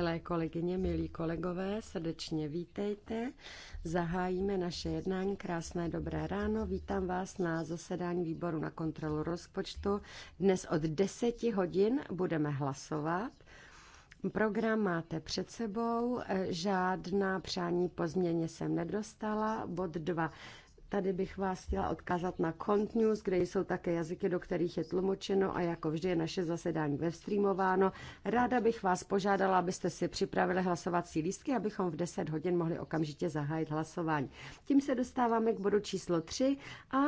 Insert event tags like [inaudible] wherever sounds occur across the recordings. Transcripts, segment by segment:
Milé kolegyně, milí kolegové, srdečně vítejte. Zahájíme naše jednání. Krásné dobré ráno. Vítám vás na zasedání výboru na kontrolu rozpočtu. Dnes od 10 hodin budeme hlasovat. Program máte před sebou, žádná přání po změně jsem nedostala. Bod 2. Tady bych vás chtěla odkázat na Cont News, kde jsou také jazyky, do kterých je tlumočeno a jako vždy je naše zasedání webstreamováno. Ráda bych vás požádala, abyste si připravili hlasovací lístky, abychom v 10 hodin mohli okamžitě zahájit hlasování. Tím se dostáváme k bodu číslo 3 a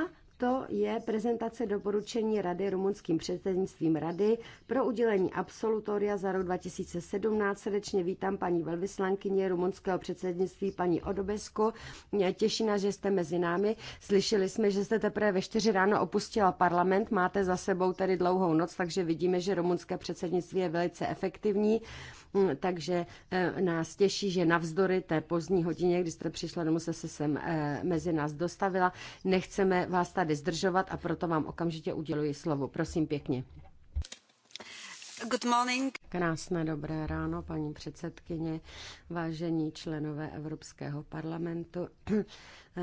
to je prezentace doporučení Rady rumunským předsednictvím Rady pro udělení absolutoria za rok 2017. Srdečně vítám paní velvyslankyně rumunského předsednictví, paní Odobesko. Mě těší nás, že jste mezi námi. Slyšeli jsme, že jste teprve ve 4 ráno opustila parlament. Máte za sebou tedy dlouhou noc, takže vidíme, že rumunské předsednictví je velice efektivní. Mm, takže eh, nás těší, že navzdory té pozdní hodině, kdy jste přišla domů, se sem eh, mezi nás dostavila. Nechceme vás tady zdržovat a proto vám okamžitě uděluji slovo. Prosím pěkně. Good morning. Krásné dobré ráno, paní předsedkyně, vážení členové Evropského parlamentu, [clears throat] eh,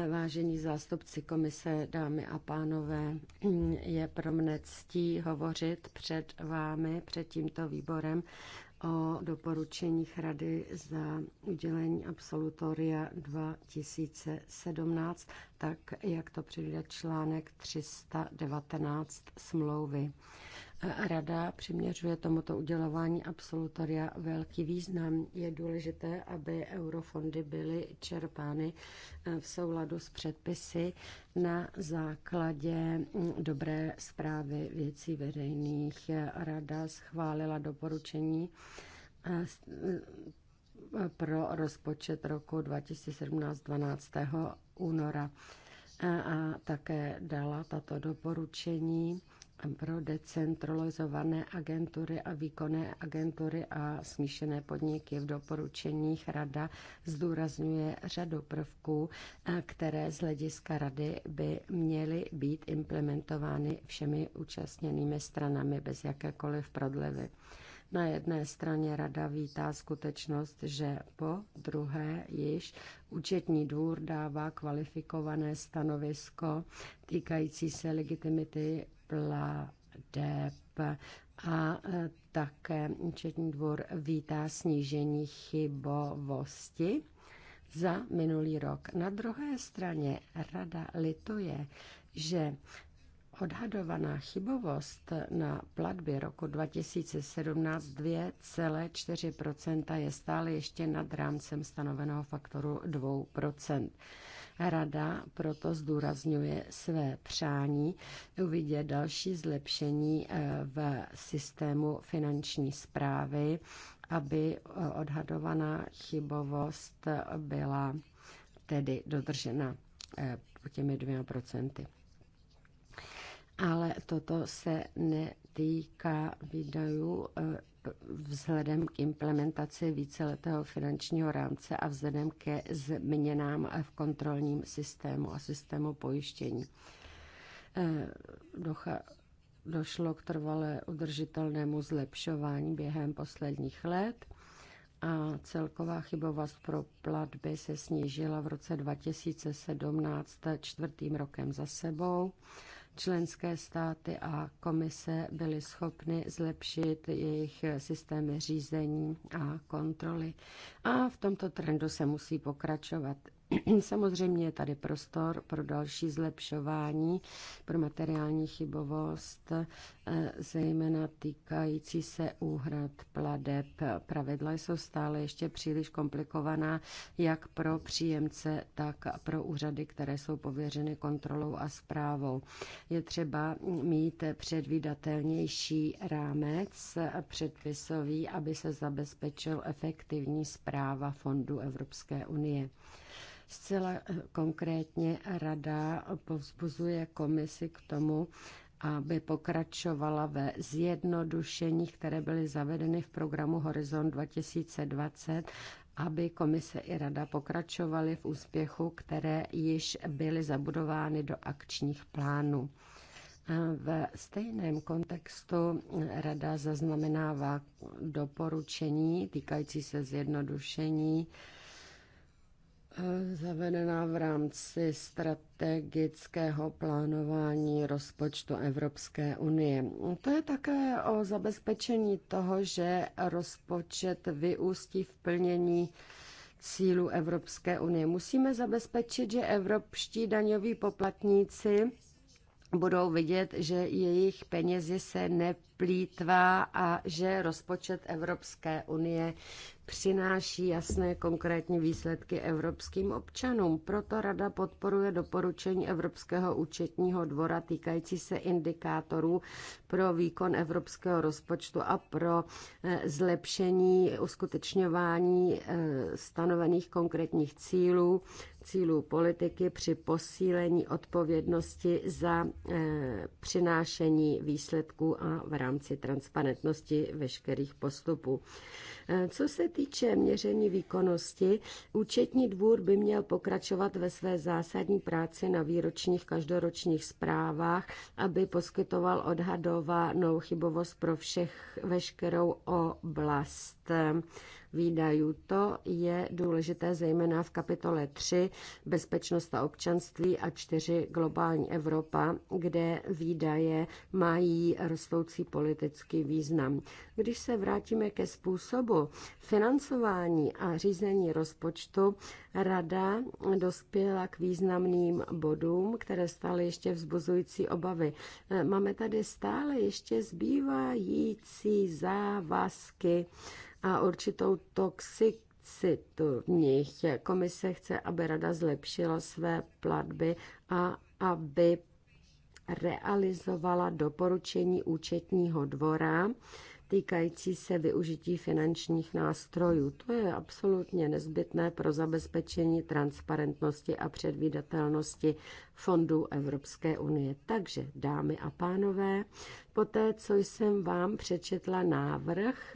vážení zástupci komise, dámy a pánové. Mm, je pro mne ctí hovořit před vámi, před tímto výborem o doporučeních Rady za udělení absolutoria 2017, tak jak to přijde článek 319 smlouvy. Rada přiměřuje tomuto udělování absolutoria velký význam. Je důležité, aby eurofondy byly čerpány eh, v souladu s předpisy na základě mm, dobré zprávy věcí veřejných. Rada schválila doporučení eh, eh, pro rozpočet roku 2017 12. února a také dala tato doporučení pro decentralizované agentury a výkonné agentury a smíšené podniky v doporučeních rada zdůrazňuje řadu prvků, eh, které z hlediska rady by měly být implementovány všemi účastněnými stranami bez jakékoliv prodlevy. Na jedné straně rada vítá skutečnost, že po druhé již účetní dvůr dává kvalifikované stanovisko týkající se legitimity pladeb a e, také účetní dvor vítá snížení chybovosti za minulý rok. Na druhé straně rada lituje, že odhadovaná chybovost na platbě roku 2017 2,4 je stále ještě nad rámcem stanoveného faktoru 2 Rada proto zdůrazňuje své přání uvidět další zlepšení eh, v systému finanční zprávy, aby eh, odhadovaná chybovost byla tedy dodržena eh, těmi dvěma procenty. Ale toto se netýká výdajů vzhledem k implementaci víceletého finančního rámce a vzhledem ke změnám v kontrolním systému a systému pojištění. Eh, docha, došlo k trvalé udržitelnému zlepšování během posledních let a celková chybovost pro platby se snížila v roce 2017 čtvrtým rokem za sebou členské státy a komise byly schopny zlepšit jejich systémy řízení a kontroly. A v tomto trendu se musí pokračovat. [clears throat] Samozřejmě je tady prostor pro další zlepšování, pro materiální chybovost, eh, zejména týkající se úhrad pladeb. Pravidla jsou stále ještě příliš komplikovaná, jak pro příjemce, tak pro úřady, které jsou pověřeny kontrolou a zprávou. Je třeba mít předvídatelnější rámec předpisový, aby se zabezpečil efektivní zpráva Fondu Evropské unie. Zcela eh, konkrétně rada povzbuzuje komisi k tomu, aby pokračovala ve zjednodušení, které byly zavedeny v programu Horizon 2020 aby komise i rada pokračovaly v úspěchu, které již byly zabudovány do akčních plánů. Eh, v stejném kontextu rada zaznamenává doporučení týkající se zjednodušení zavedená v rámci strategického plánování rozpočtu Evropské unie. To je také o zabezpečení toho, že rozpočet vyústí v plnění cílů Evropské unie. Musíme zabezpečit, že evropští daňoví poplatníci budou vidět, že jejich penězi se neplýtvá a že rozpočet Evropské unie přináší jasné konkrétní výsledky evropským občanům. Proto Rada podporuje doporučení Evropského účetního dvora týkající se indikátorů pro výkon evropského rozpočtu a pro eh, zlepšení uskutečňování eh, stanovených konkrétních cílů cílů politiky při posílení odpovědnosti za eh, přinášení výsledků a v rámci transparentnosti veškerých postupů. Eh, co se týče měření výkonnosti, účetní dvůr by měl pokračovat ve své zásadní práci na výročních každoročních zprávách, aby poskytoval odhadovanou chybovost pro všech, veškerou oblast výdajů. To je důležité zejména v kapitole 3 Bezpečnost a občanství a 4 Globální Evropa, kde výdaje mají rostoucí politický význam. Když se vrátíme ke způsobu financování a řízení rozpočtu, Rada dospěla k významným bodům, které stále ještě vzbuzující obavy. Máme tady stále ještě zbývající závazky a určitou toxicitu v nich. Komise chce, aby rada zlepšila své platby a aby realizovala doporučení účetního dvora týkající se využití finančních nástrojů. To je absolutně nezbytné pro zabezpečení transparentnosti a předvídatelnosti fondů Evropské unie. Takže, dámy a pánové, poté, co jsem vám přečetla návrh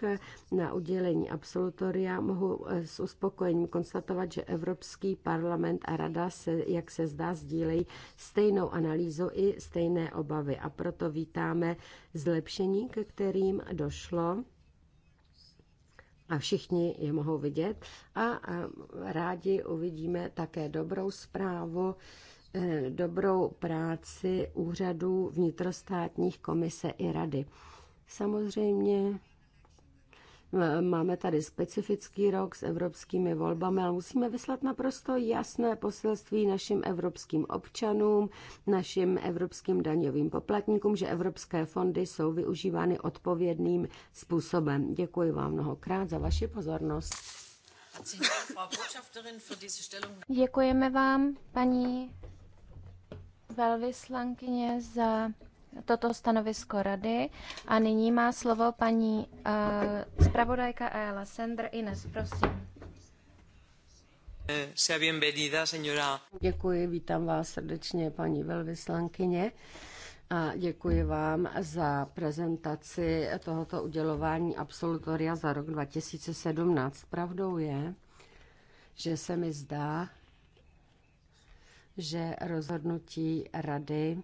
na udělení absolutoria, mohu eh, s uspokojením konstatovat, že Evropský parlament a rada se, jak se zdá, sdílejí stejnou analýzu i stejné obavy. A proto vítáme zlepšení, ke kterým došlo a všichni je mohou vidět. A, rádi uvidíme také dobrou zprávu Eh, dobrou práci úřadů vnitrostátních komise i rady. Samozřejmě eh, Máme tady specifický rok s evropskými volbami, ale musíme vyslat naprosto jasné poselství našim evropským občanům, našim evropským daňovým poplatníkům, že evropské fondy jsou využívány odpovědným způsobem. Děkuji vám mnohokrát za vaši pozornost. Děkujeme vám, paní velvyslankyně za toto stanovisko rady a nyní má slovo paní uh, zpravodajka Ayala Sender Ines, prosím. Eh, sea bienvenida, señora. Děkuji, vítám vás srdečně, paní velvyslankyně. A děkuji vám za prezentaci tohoto udělování absolutoria za rok 2017. Pravdou je, že se mi zdá, že rozhodnutí rady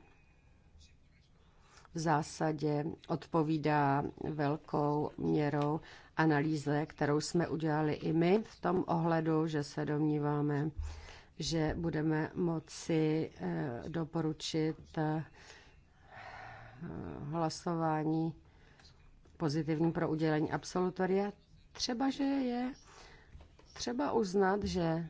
v zásadě odpovídá velkou měrou analýze, kterou jsme udělali i my v tom ohledu, že se domníváme, že budeme moci eh, doporučit eh, hlasování pozitivní pro udělení absolutoria. Třeba, že je třeba uznat, že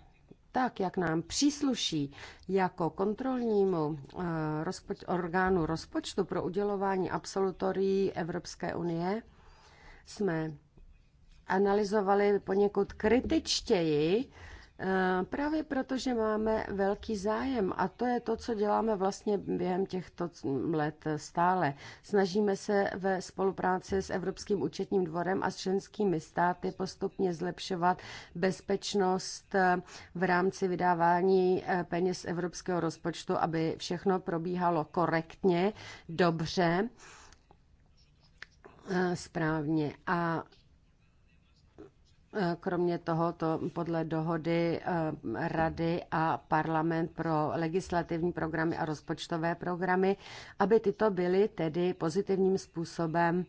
tak, jak nám přísluší jako kontrolnímu eh, rozpoč- orgánu rozpočtu pro udělování absolutorií Evropské unie, jsme analyzovali poněkud kritičtěji Eh, právě protože máme velký zájem a to je to, co děláme vlastně během těchto let stále. Snažíme se ve spolupráci s Evropským účetním dvorem a s členskými státy postupně zlepšovat bezpečnost eh, v rámci vydávání eh, peněz evropského rozpočtu, aby všechno probíhalo korektně, dobře správně. A Eh, kromě toho to podle dohody eh, Rady a parlament pro legislativní programy a rozpočtové programy, aby tyto byly tedy pozitivním způsobem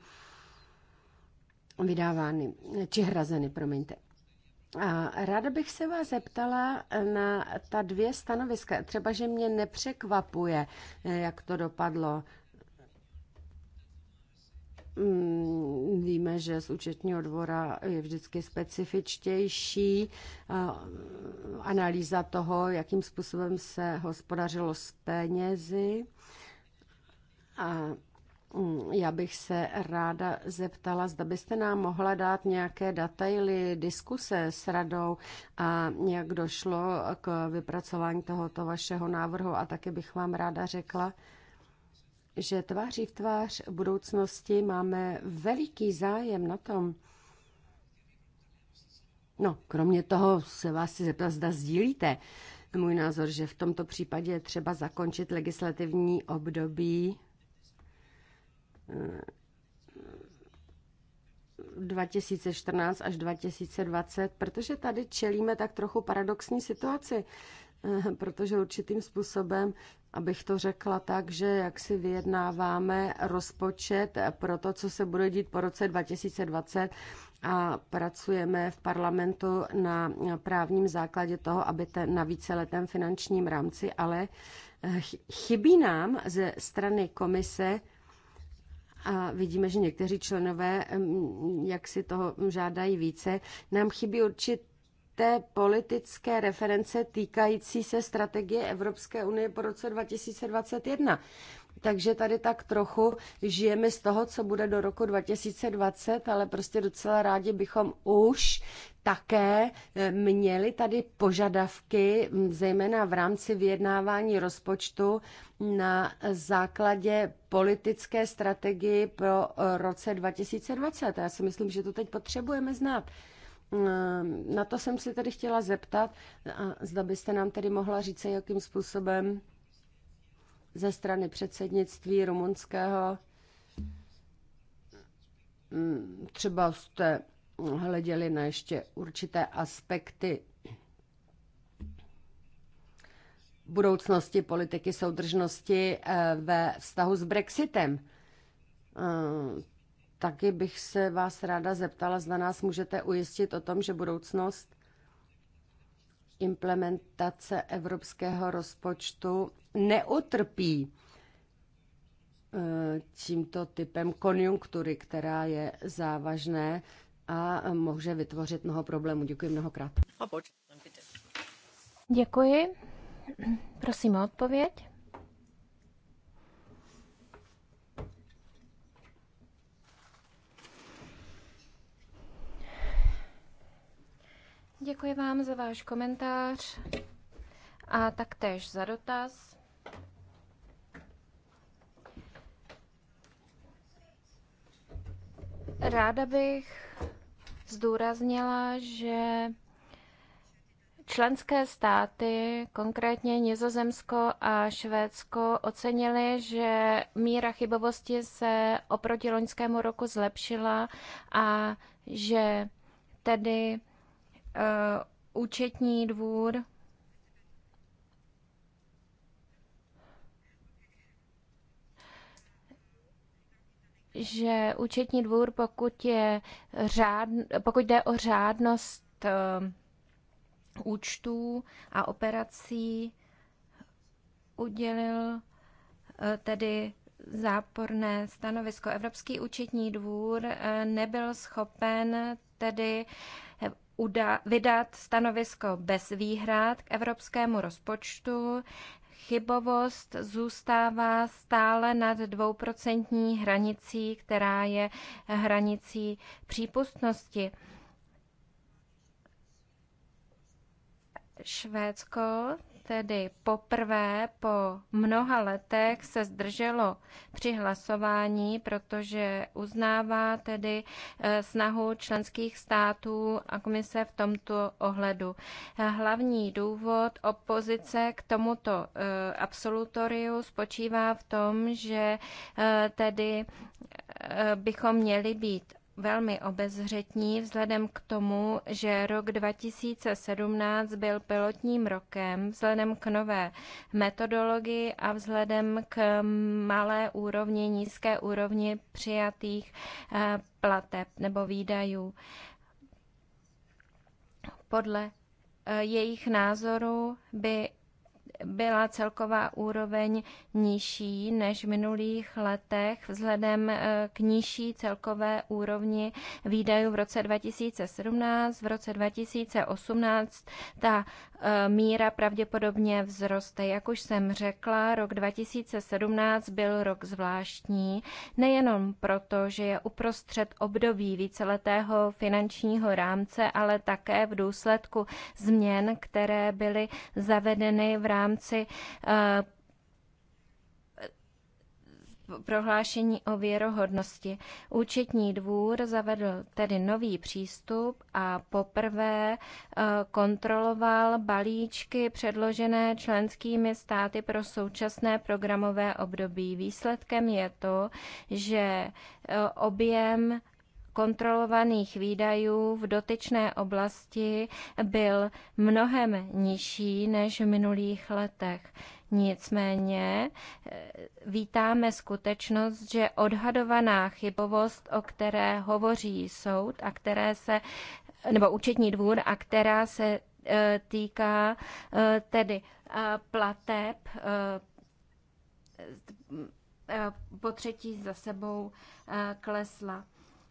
vydávány, či hrazeny, promiňte. A ráda bych se vás zeptala na ta dvě stanoviska. Třeba, že mě nepřekvapuje, eh, jak to dopadlo. Mm, víme, že z účetního dvora je vždycky specifičtější analýza toho, jakým způsobem se hospodařilo s penězi. A mm, já bych se ráda zeptala, zda byste nám mohla dát nějaké detaily diskuse s radou a jak došlo k vypracování tohoto vašeho návrhu a taky bych vám ráda řekla, že tváří v tvář budoucnosti máme veliký zájem na tom, No, kromě toho se vás si zeptat, zda sdílíte můj názor, že v tomto případě je třeba zakončit legislativní období 2014 eh, až 2020, protože tady čelíme tak trochu paradoxní situaci, eh, protože určitým způsobem abych to řekla tak, že jak si vyjednáváme rozpočet pro to, co se bude dít po roce 2020 a pracujeme v parlamentu na právním základě toho, aby ten, na víceletém finančním rámci, ale chybí nám ze strany komise a vidíme, že někteří členové, mm, jak si toho žádají více, nám chybí určit té politické reference týkající se strategie Evropské unie po roce 2021. Takže tady tak trochu žijeme z toho, co bude do roku 2020, ale prostě docela rádi bychom už také eh, měli tady požadavky, zejména v rámci vyjednávání rozpočtu na základě politické strategii pro eh, roce 2020. Já si myslím, že to teď potřebujeme znát. Ehm, na to jsem si tedy chtěla zeptat, a zda byste nám tedy mohla říct, jakým způsobem ze strany předsednictví rumunského mm, třeba jste hleděli na ještě určité aspekty budoucnosti politiky soudržnosti eh, ve vztahu s Brexitem ehm, Taky bych se vás ráda zeptala, zda nás můžete ujistit o tom, že budoucnost implementace evropského rozpočtu neutrpí e, tímto typem konjunktury, která je závažné a může vytvořit mnoho problémů. Děkuji mnohokrát. Děkuji. Prosím o odpověď. Děkuji vám za váš komentář a taktéž za dotaz. Ráda bych zdůraznila, že členské státy, konkrétně Nizozemsko a Švédsko, ocenili, že míra chybovosti se oproti loňskému roku zlepšila a že tedy Eh, účetní dvůr že účetní dvůr, pokud, je řád, pokud jde o řádnost eh, účtů a operací, udělil eh, tedy záporné stanovisko. Evropský účetní dvůr nebyl schopen tedy uh, uda- vydat stanovisko bez výhrad k evropskému rozpočtu. Chybovost zůstává stále nad dvouprocentní hranicí, která je hranicí přípustnosti. Švédsko tedy poprvé po mnoha letech se zdrželo při hlasování, protože uznává tedy eh, snahu členských států a komise v tomto ohledu. Hlavní důvod opozice k tomuto eh, absolutoriu spočívá v tom, že eh, tedy bychom měli být velmi obezřetní vzhledem k tomu, že rok 2017 byl pilotním rokem vzhledem k nové metodologii a vzhledem k malé úrovni, nízké úrovni přijatých eh, plateb nebo výdajů. Podle eh, jejich názoru by byla celková úroveň nižší než v minulých letech vzhledem eh, k nižší celkové úrovni výdajů v roce 2017. V roce 2018 ta eh, míra pravděpodobně vzroste. Jak už jsem řekla, rok 2017 byl rok zvláštní, nejenom proto, že je uprostřed období víceletého finančního rámce, ale také v důsledku změn, které byly zavedeny v rámci rámci eh, prohlášení o věrohodnosti. Účetní dvůr zavedl tedy nový přístup a poprvé eh, kontroloval balíčky předložené členskými státy pro současné programové období. Výsledkem je to, že eh, objem kontrolovaných výdajů v dotyčné oblasti byl mnohem nižší než v minulých letech. Nicméně eh, vítáme skutečnost, že odhadovaná chybovost, o které hovoří soud a které se, nebo účetní dvůr a která se eh, týká eh, tedy plateb po třetí za sebou klesla.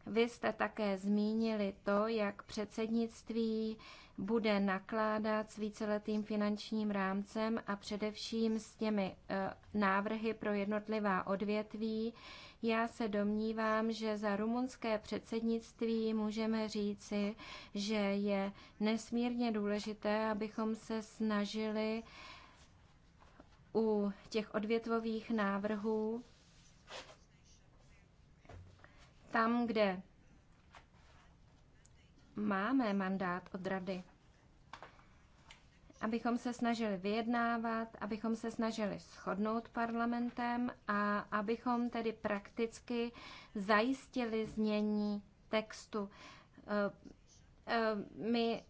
Vy jste také zmínili to, jak předsednictví bude nakládat s víceletým finančním rámcem a především s těmi eh, návrhy pro jednotlivá odvětví. Já se domnívám, že za rumunské předsednictví můžeme říci, že je nesmírně důležité, abychom se snažili u těch odvětvových návrhů tam, kde máme mandát od rady, abychom se snažili vyjednávat, abychom se snažili shodnout parlamentem a abychom tedy prakticky zajistili změní textu. Eh, eh, my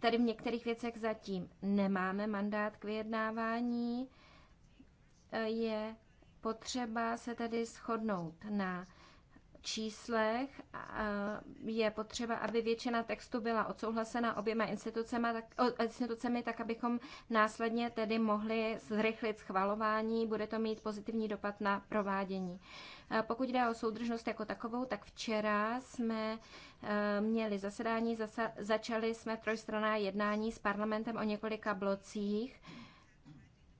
tady v některých věcech zatím nemáme mandát k vyjednávání. Eh, je potřeba se tedy shodnout na číslech je potřeba, aby většina textu byla odsouhlasena oběma institucemi tak, institucemi, tak abychom následně tedy mohli zrychlit schvalování. Bude to mít pozitivní dopad na provádění. Pokud jde o soudržnost jako takovou, tak včera jsme e, měli zasedání, zasa, začali jsme trojstraná jednání s parlamentem o několika blocích.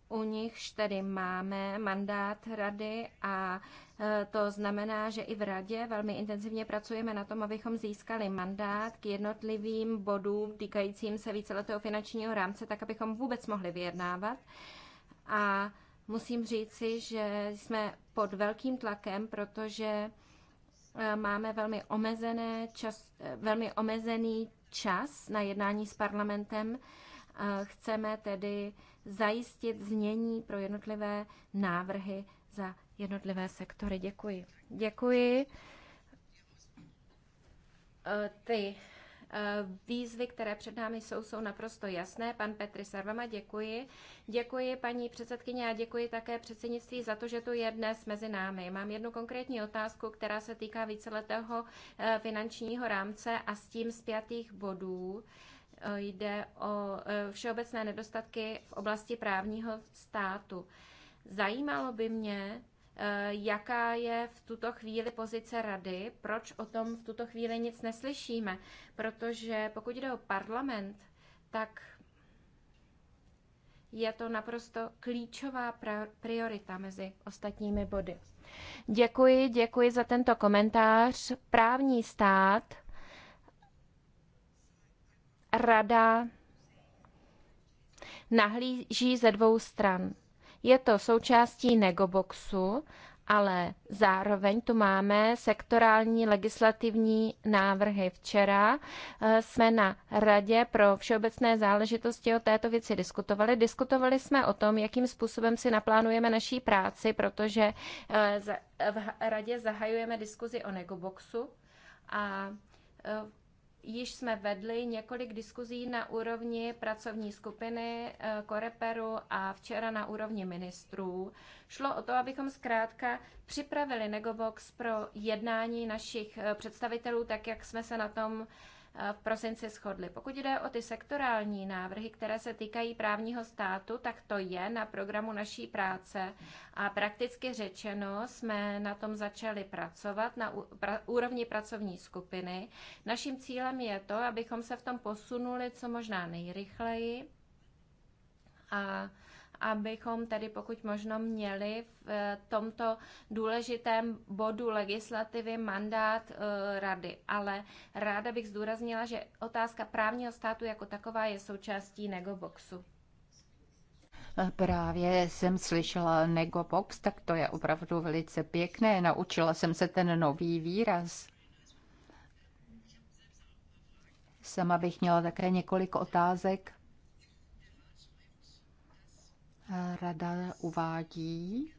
U nichž tedy máme mandát rady a Eh, to znamená, že i v radě velmi intenzivně pracujeme na tom, abychom získali mandát k jednotlivým bodům týkajícím se víceletého finančního rámce, tak abychom vůbec mohli vyjednávat. A musím říci, že jsme pod velkým tlakem, protože eh, máme velmi, omezené čas, eh, velmi omezený čas na jednání s parlamentem. Chceme tedy zajistit znění pro jednotlivé návrhy za jednotlivé sektory. Děkuji. Děkuji. E, ty e, Výzvy, které před námi jsou, jsou naprosto jasné. Pan Petr Sarvama, děkuji. Děkuji paní předsedkyně a děkuji také předsednictví za to, že tu je dnes mezi námi. Mám jednu konkrétní otázku, která se týká víceletého e, finančního rámce a s tím zpětých bodů. Jde o všeobecné nedostatky v oblasti právního státu. Zajímalo by mě, Eh, jaká je v tuto chvíli pozice rady, proč o tom v tuto chvíli nic neslyšíme. Protože pokud jde o parlament, tak je to naprosto klíčová priorita mezi ostatními body. Děkuji, děkuji za tento komentář. Právní stát, rada nahlíží ze dvou stran. Je to součástí negoboxu, ale zároveň tu máme sektorální legislativní návrhy. Včera eh, jsme na Radě pro všeobecné záležitosti o této věci diskutovali. Diskutovali jsme o tom, jakým způsobem si naplánujeme naší práci, protože eh, v Radě zahajujeme diskuzi o negoboxu a eh, již jsme vedli několik diskuzí na úrovni pracovní skupiny eh, Koreperu a včera na úrovni ministrů. Šlo o to, abychom zkrátka připravili Negobox pro jednání našich eh, představitelů, tak jak jsme se na tom v prosinci shodli. Pokud jde o ty sektorální návrhy, které se týkají právního státu, tak to je na programu naší práce a prakticky řečeno jsme na tom začali pracovat na úrovni pracovní skupiny. Naším cílem je to, abychom se v tom posunuli co možná nejrychleji a abychom tedy pokud možno měli v eh, tomto důležitém bodu legislativy mandát eh, rady. Ale ráda bych zdůraznila, že otázka právního státu jako taková je součástí negoboxu. Právě jsem slyšela negobox, tak to je opravdu velice pěkné. Naučila jsem se ten nový výraz. Sama bych měla také několik otázek. Rada uvádí,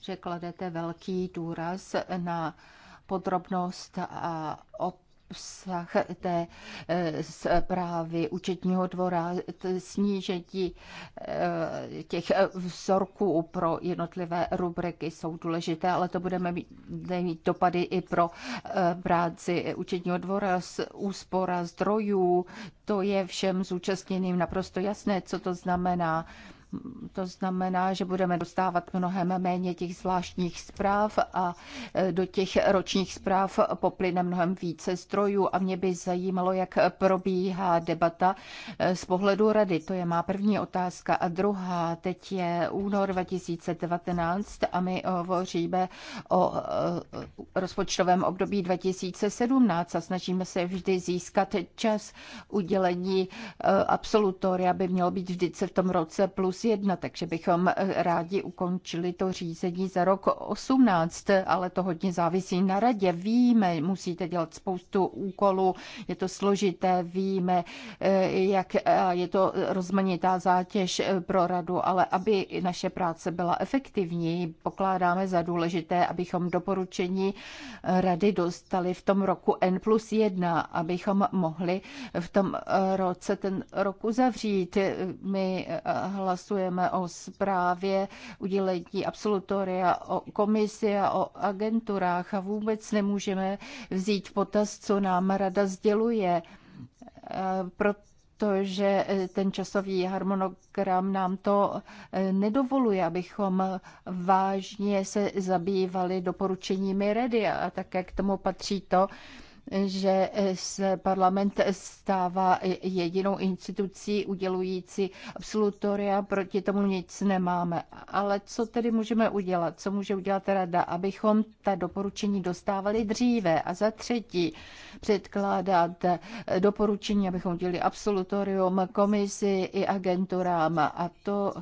že kladete velký důraz na podrobnost a obsah té eh, zprávy účetního dvora, snížení eh, těch eh, vzorků pro jednotlivé rubriky jsou důležité, ale to budeme mít, mít dopady i pro práci účetního dvora z úspora zdrojů. To je všem zúčastněným naprosto jasné, co to znamená. To znamená, že budeme dostávat mnohem méně těch zvláštních zpráv a e, do těch ročních zpráv poplyne mnohem více strojů A mě by zajímalo, jak probíhá debata e, z pohledu rady. To je má první otázka. A druhá, teď je únor 2019 a my hovoříme o e, rozpočtovém období 2017 a snažíme se vždy získat čas udělení absolutoria, aby mělo být vždycky v tom roce plus plus 1, takže bychom eh, rádi ukončili to řízení za rok 18, ale to hodně závisí na radě. Víme, musíte dělat spoustu úkolů, je to složité, víme, eh, jak je to rozmanitá zátěž eh, pro radu, ale aby naše práce byla efektivní, pokládáme za důležité, abychom doporučení rady dostali v tom roku N plus 1, abychom mohli v tom roce ten rok uzavřít. My hlas hlasujeme o zprávě udělení absolutoria o komisi a o agenturách a vůbec nemůžeme vzít v potaz, co nám rada sděluje. Eh, protože eh, ten časový harmonogram nám to eh, nedovoluje, abychom vážně se zabývali doporučeními Rady a také k tomu patří to, že eh, se parlament stává jedinou institucí udělující absolutoria, proti tomu nic nemáme. Ale co tedy můžeme udělat? Co může udělat rada, abychom ta doporučení dostávali dříve? A za třetí předkládat eh, doporučení, abychom udělali absolutorium komisi i agenturám. A to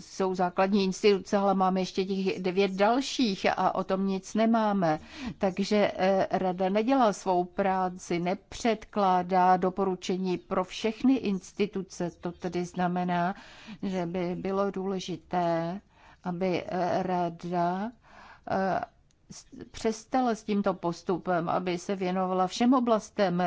jsou základní instituce, ale máme ještě těch devět dalších a o tom nic nemáme. Takže eh, rada nedělá svou práci, nepředkládá doporučení pro všechny instituce. To tedy znamená, že by bylo důležité, aby eh, rada eh, přestala s tímto postupem, aby se věnovala všem oblastem,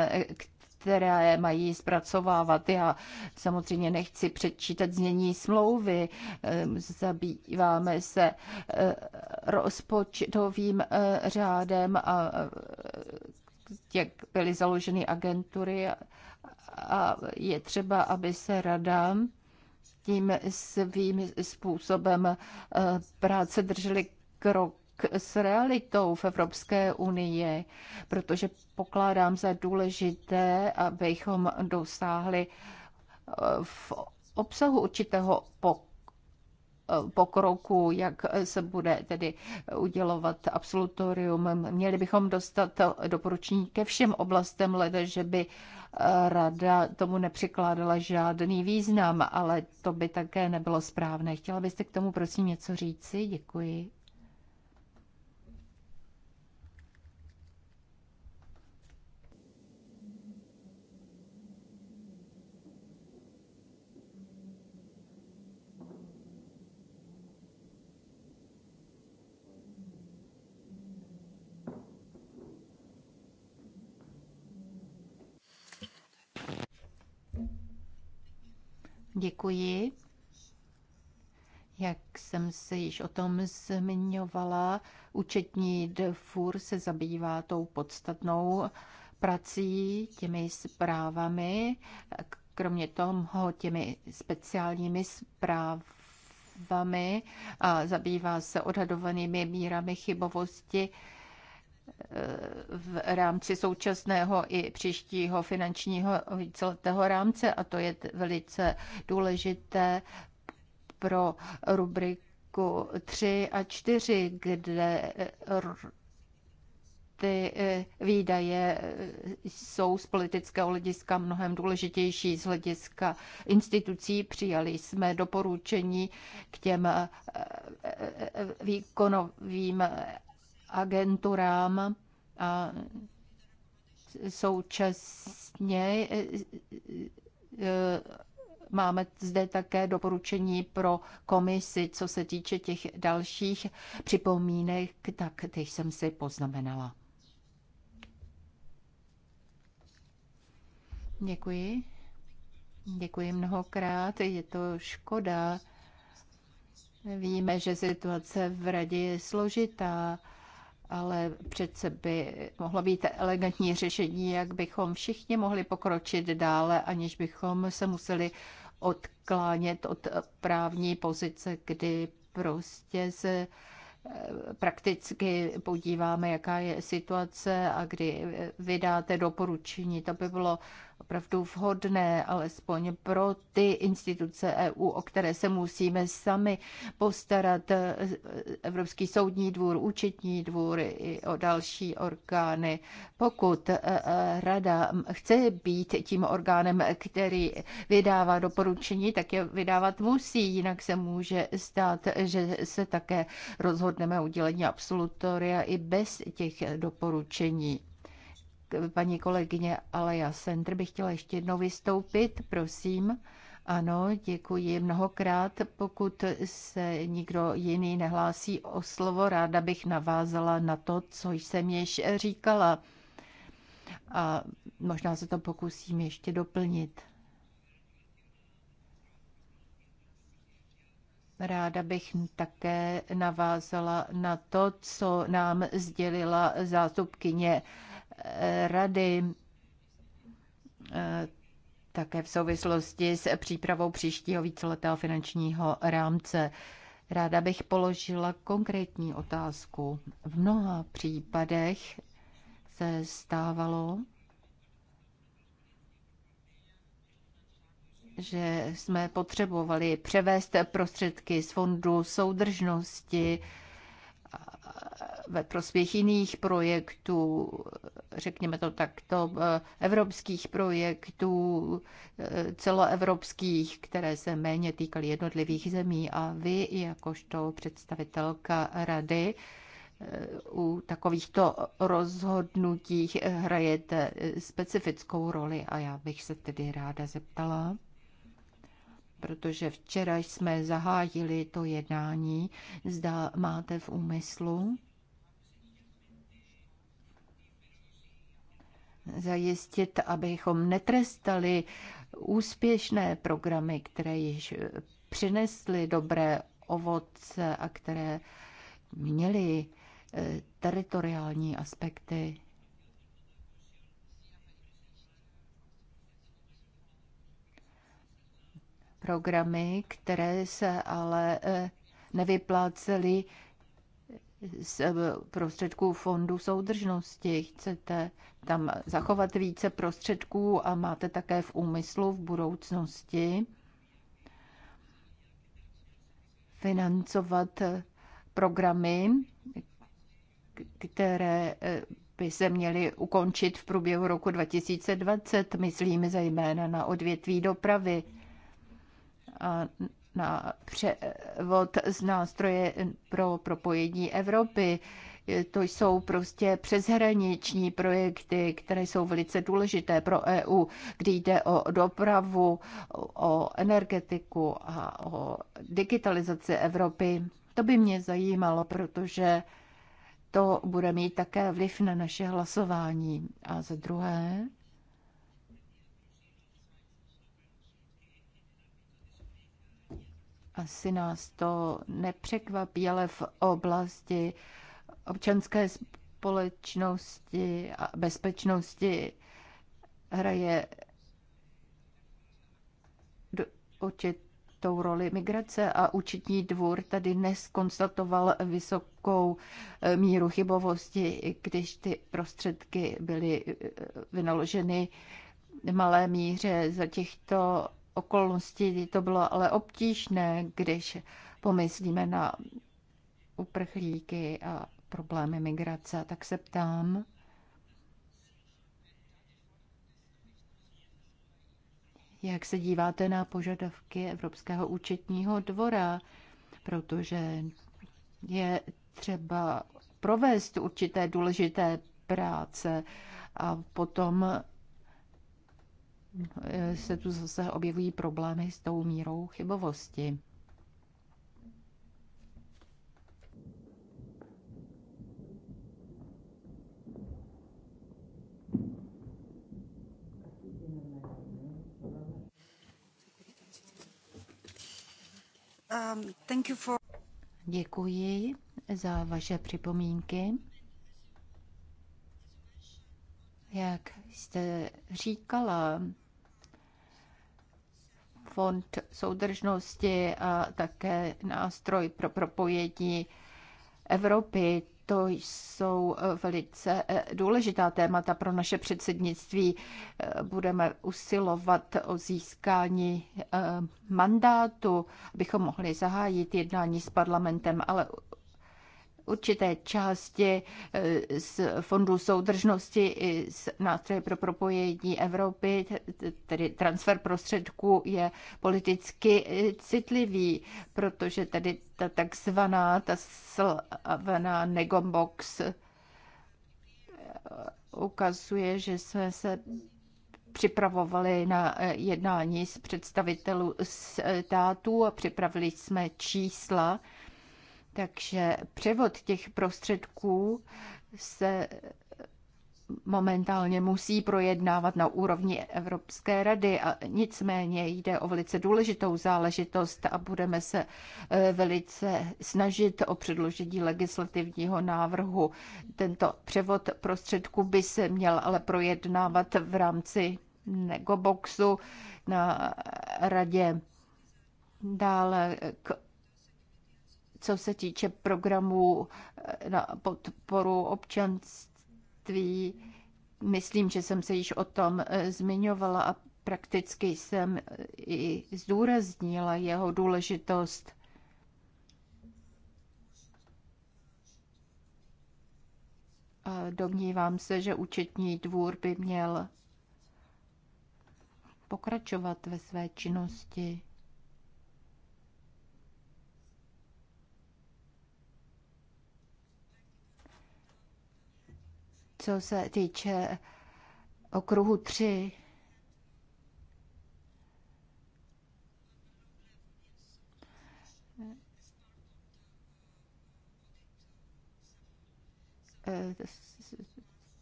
které mají zpracovávat. Já samozřejmě nechci předčítat znění smlouvy, ehm, zabýváme se eh, rozpočtovým eh, řádem a eh, jak byly založeny agentury a je třeba, aby se rada tím svým způsobem práce drželi krok s realitou v Evropské unii, protože pokládám za důležité, abychom dosáhli eh, v obsahu určitého pokroku eh, pokroku, jak se bude tedy udělovat absolutorium. Měli bychom dostat doporučení ke všem oblastem leda, že by eh, rada tomu nepřikládala žádný význam, ale to by také nebylo správné. Chtěla byste k tomu prosím něco říci? Děkuji. Děkuji. Jak jsem se již o tom zmiňovala, účetní dvůr se zabývá tou podstatnou prací, těmi zprávami, kromě toho těmi speciálními zprávami a zabývá se odhadovanými mírami chybovosti v rámci současného i příštího finančního víceletého rámce a to je velice důležité pro rubriku 3 a 4, kde eh, ty eh, výdaje eh, jsou z politického hlediska mnohem důležitější z hlediska institucí. Přijali jsme doporučení k těm výkonovým agenturám a současně e, e, e, máme zde také doporučení pro komisi, co se týče těch dalších připomínek, tak teď jsem si poznamenala. Děkuji. Děkuji mnohokrát. Je to škoda. Víme, že situace v radě je složitá ale přece by mohlo být elegantní řešení, jak bychom všichni mohli pokročit dále, aniž bychom se museli odklánět od právní pozice, kdy prostě se eh, prakticky podíváme, jaká je situace a kdy eh, vydáte doporučení. To by bylo opravdu vhodné, alespoň pro ty instituce EU, o které se musíme sami postarat, Evropský soudní dvůr, účetní dvůr i o další orgány. Pokud eh, eh, rada chce být tím orgánem, který vydává doporučení, tak je vydávat musí, jinak se může stát, že se také rozhodneme udělení absolutoria i bez těch doporučení paní kolegyně Aleja Sender by chtěla ještě jednou vystoupit, prosím. Ano, děkuji mnohokrát. Pokud se nikdo jiný nehlásí o slovo, ráda bych navázala na to, co jsem již říkala. A možná se to pokusím ještě doplnit. Ráda bych také navázala na to, co nám sdělila zástupkyně rady eh, také v souvislosti s přípravou příštího víceletého finančního rámce. Ráda bych položila konkrétní otázku. V mnoha případech se stávalo, že jsme potřebovali převést prostředky z fondu soudržnosti ve prospěch jiných projektů, řekněme to takto, eh, evropských projektů, eh, celoevropských, které se méně týkaly jednotlivých zemí. A vy, jakožto představitelka rady, eh, u takovýchto rozhodnutích hrajete specifickou roli a já bych se tedy ráda zeptala, protože včera jsme zahájili to jednání, zda máte v úmyslu zajistit, abychom netrestali úspěšné programy, které již přinesly dobré ovoce a které měly eh, teritoriální aspekty. Programy, které se ale eh, nevyplácely z eh, prostředků fondu soudržnosti. Chcete tam zachovat více prostředků a máte také v úmyslu v budoucnosti financovat eh, programy, které eh, by se měly ukončit v průběhu roku 2020, myslím zejména na odvětví dopravy. A na převod z nástroje pro propojení Evropy. To jsou prostě přeshraniční projekty, které jsou velice důležité pro EU, kdy jde o dopravu, o energetiku a o digitalizaci Evropy. To by mě zajímalo, protože to bude mít také vliv na naše hlasování. A za druhé, Asi nás to nepřekvapí, ale v oblasti občanské společnosti a bezpečnosti hraje určitou roli migrace a účetní dvůr tady dnes konstatoval vysokou eh, míru chybovosti, když ty prostředky byly eh, vynaloženy v malé míře za těchto okolností to bylo ale obtížné, když pomyslíme na uprchlíky a problémy migrace, tak se ptám, jak se díváte na požadavky Evropského účetního dvora, protože je třeba provést určité důležité práce a potom Eh, se tu zase objevují problémy s tou mírou chybovosti. Um, for... Děkuji za vaše připomínky. Jak jste říkala, fond soudržnosti a také nástroj pro propojení Evropy. To jsou eh, velice eh, důležitá témata pro naše předsednictví. Eh, budeme usilovat o získání mandátu, abychom mohli zahájit jednání s parlamentem, ale určité části eh, z Fondu soudržnosti i z nástroje pro propojení Evropy, tedy transfer prostředků je politicky eh, citlivý, protože tedy ta takzvaná, ta slavná negombox eh, ukazuje, že jsme se připravovali na jednání s představitelů států a připravili jsme čísla, takže převod těch prostředků se momentálně musí projednávat na úrovni Evropské rady a nicméně jde o velice důležitou záležitost a budeme se eh, velice snažit o předložení legislativního návrhu. Tento převod prostředků by se měl ale projednávat v rámci negoboxu na radě. Dále k co se týče programů eh, na podporu občanství. Myslím, že jsem se již o tom eh, zmiňovala a prakticky jsem eh, i zdůraznila jeho důležitost. Domnívám se, že účetní dvůr by měl pokračovat ve své činnosti. co se týče okruhu 3.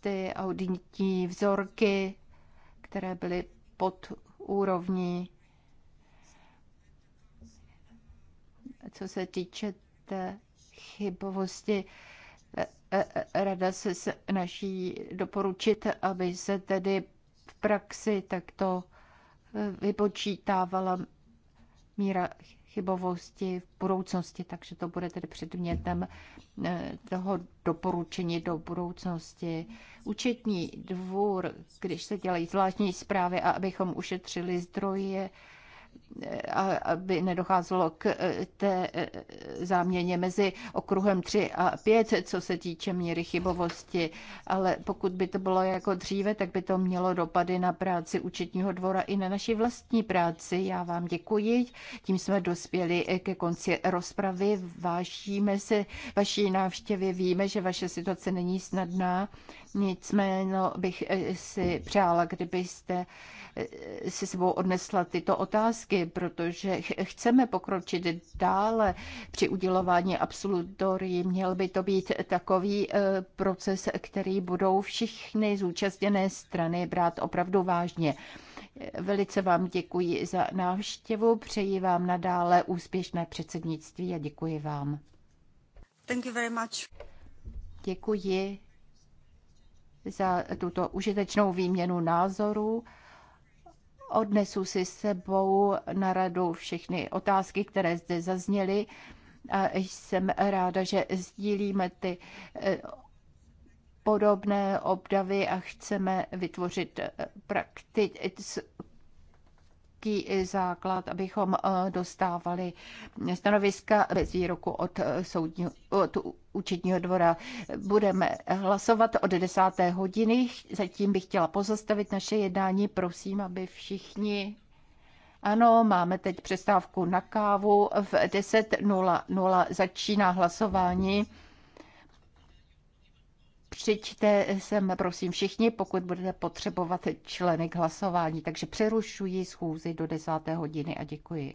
Ty auditní vzorky, které byly pod úrovní, co se týče té chybovosti, E, e, rada se snaží doporučit, aby se tedy v praxi takto e, vypočítávala míra chybovosti v budoucnosti, takže to bude tedy předmětem toho doporučení do budoucnosti. Účetní dvůr, když se dělají zvláštní zprávy a abychom ušetřili zdroje, aby nedocházelo k eh, té eh, záměně mezi okruhem 3 a 5, co se týče míry chybovosti. Ale pokud by to bylo jako dříve, tak by to mělo dopady na práci účetního dvora i na naši vlastní práci. Já vám děkuji. Tím jsme dospěli eh, ke konci rozpravy. Vážíme se vaší návštěvě. Víme, že vaše situace není snadná. Nicméně bych eh, si přála, kdybyste eh, si sebou odnesla tyto otázky, protože chceme pokročit dále při udělování absolutorii. Měl by to být takový eh, proces, který budou všichni zúčastněné strany brát opravdu vážně. Velice vám děkuji za návštěvu, přeji vám nadále úspěšné předsednictví a děkuji vám. Thank you very much. Děkuji za tuto užitečnou výměnu názorů. Odnesu si sebou na radu všechny otázky, které zde zazněly. A jsem ráda, že sdílíme ty eh, podobné obdavy a chceme vytvořit eh, praktickou nějaký základ, abychom eh, dostávali stanoviska bez výroku od, eh, soudního, od účetního dvora. Budeme hlasovat od 10. hodiny. Zatím bych chtěla pozastavit naše jednání. Prosím, aby všichni ano, máme teď přestávku na kávu. V 10.00 začíná hlasování přijďte sem, prosím, všichni, pokud budete potřebovat členy k hlasování. Takže přerušuji schůzi do 10. hodiny a děkuji.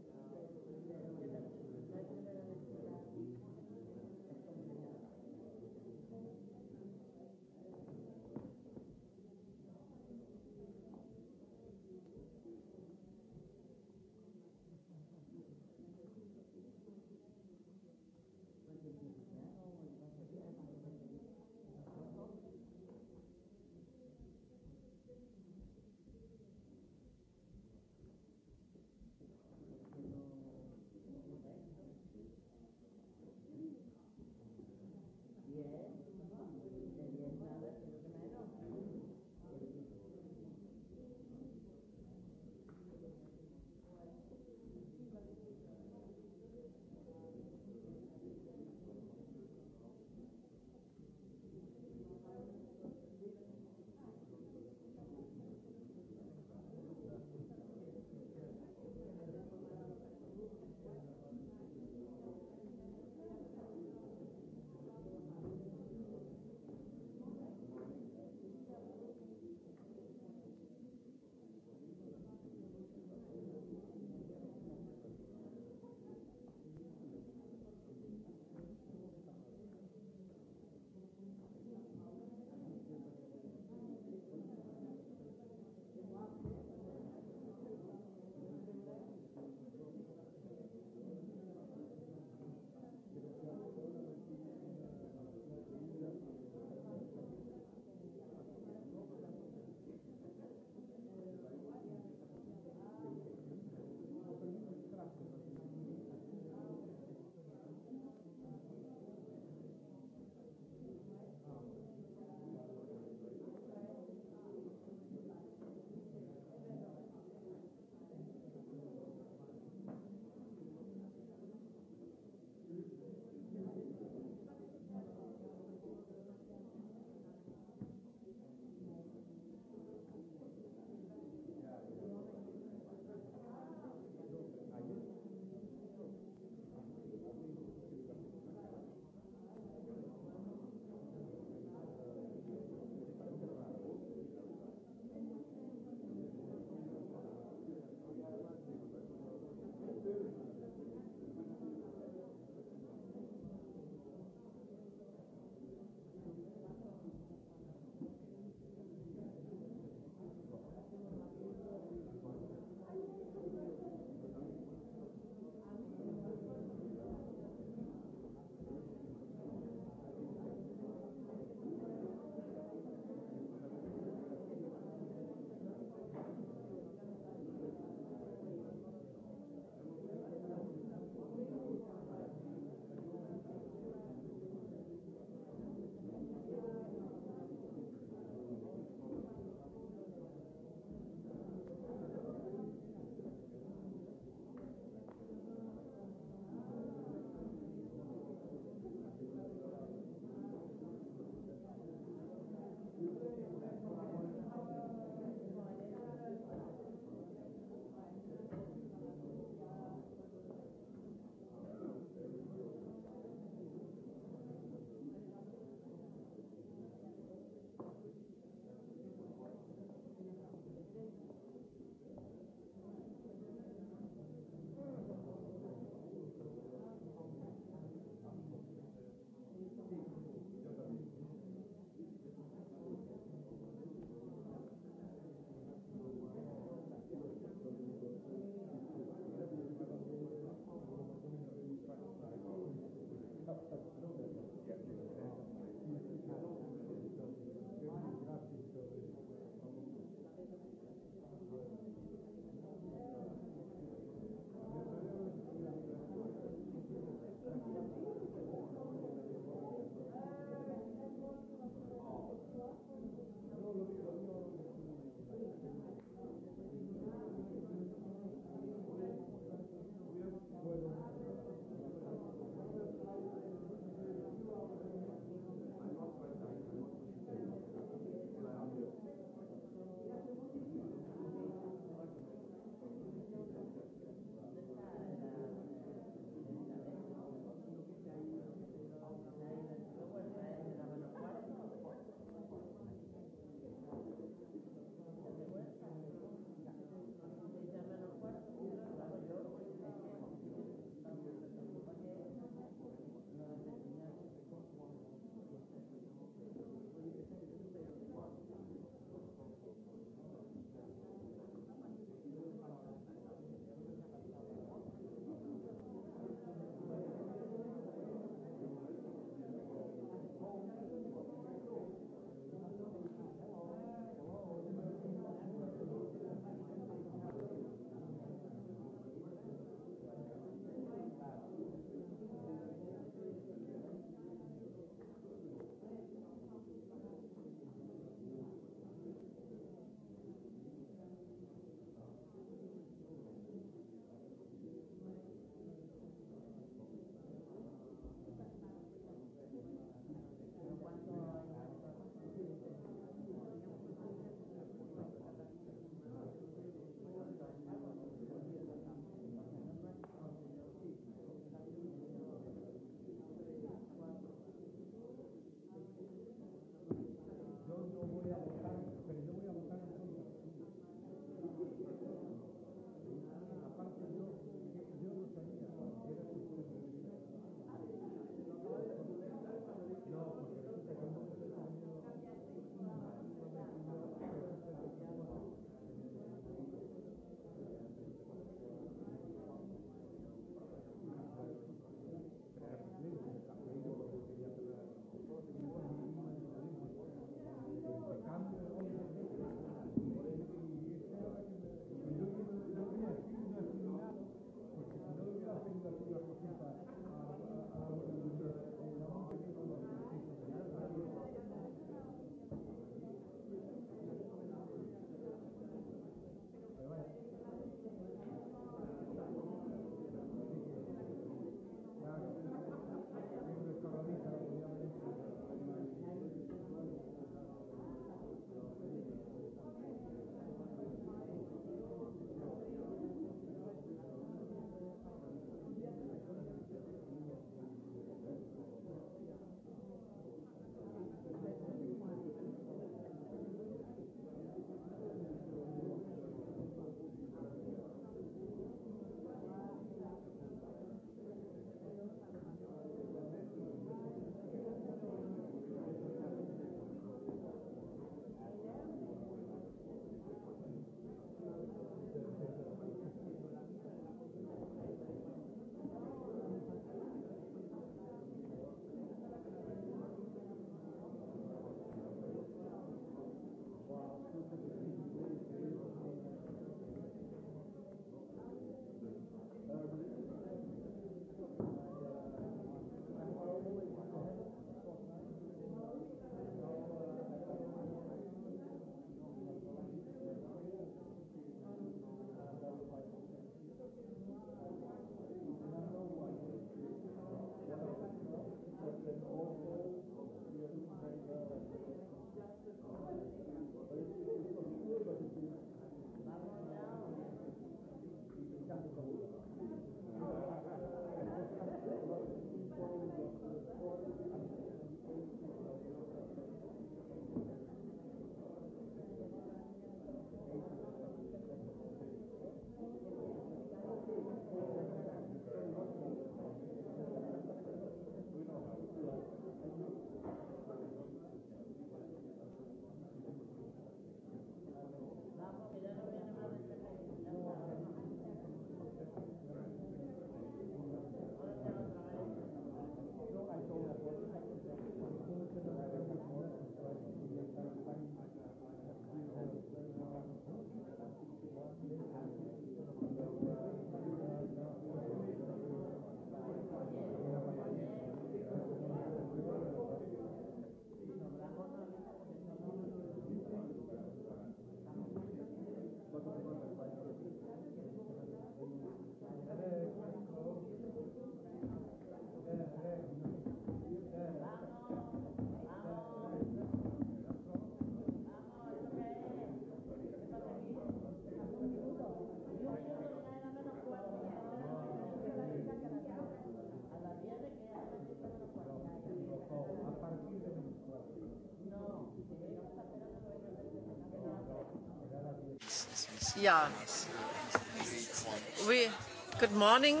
good morning.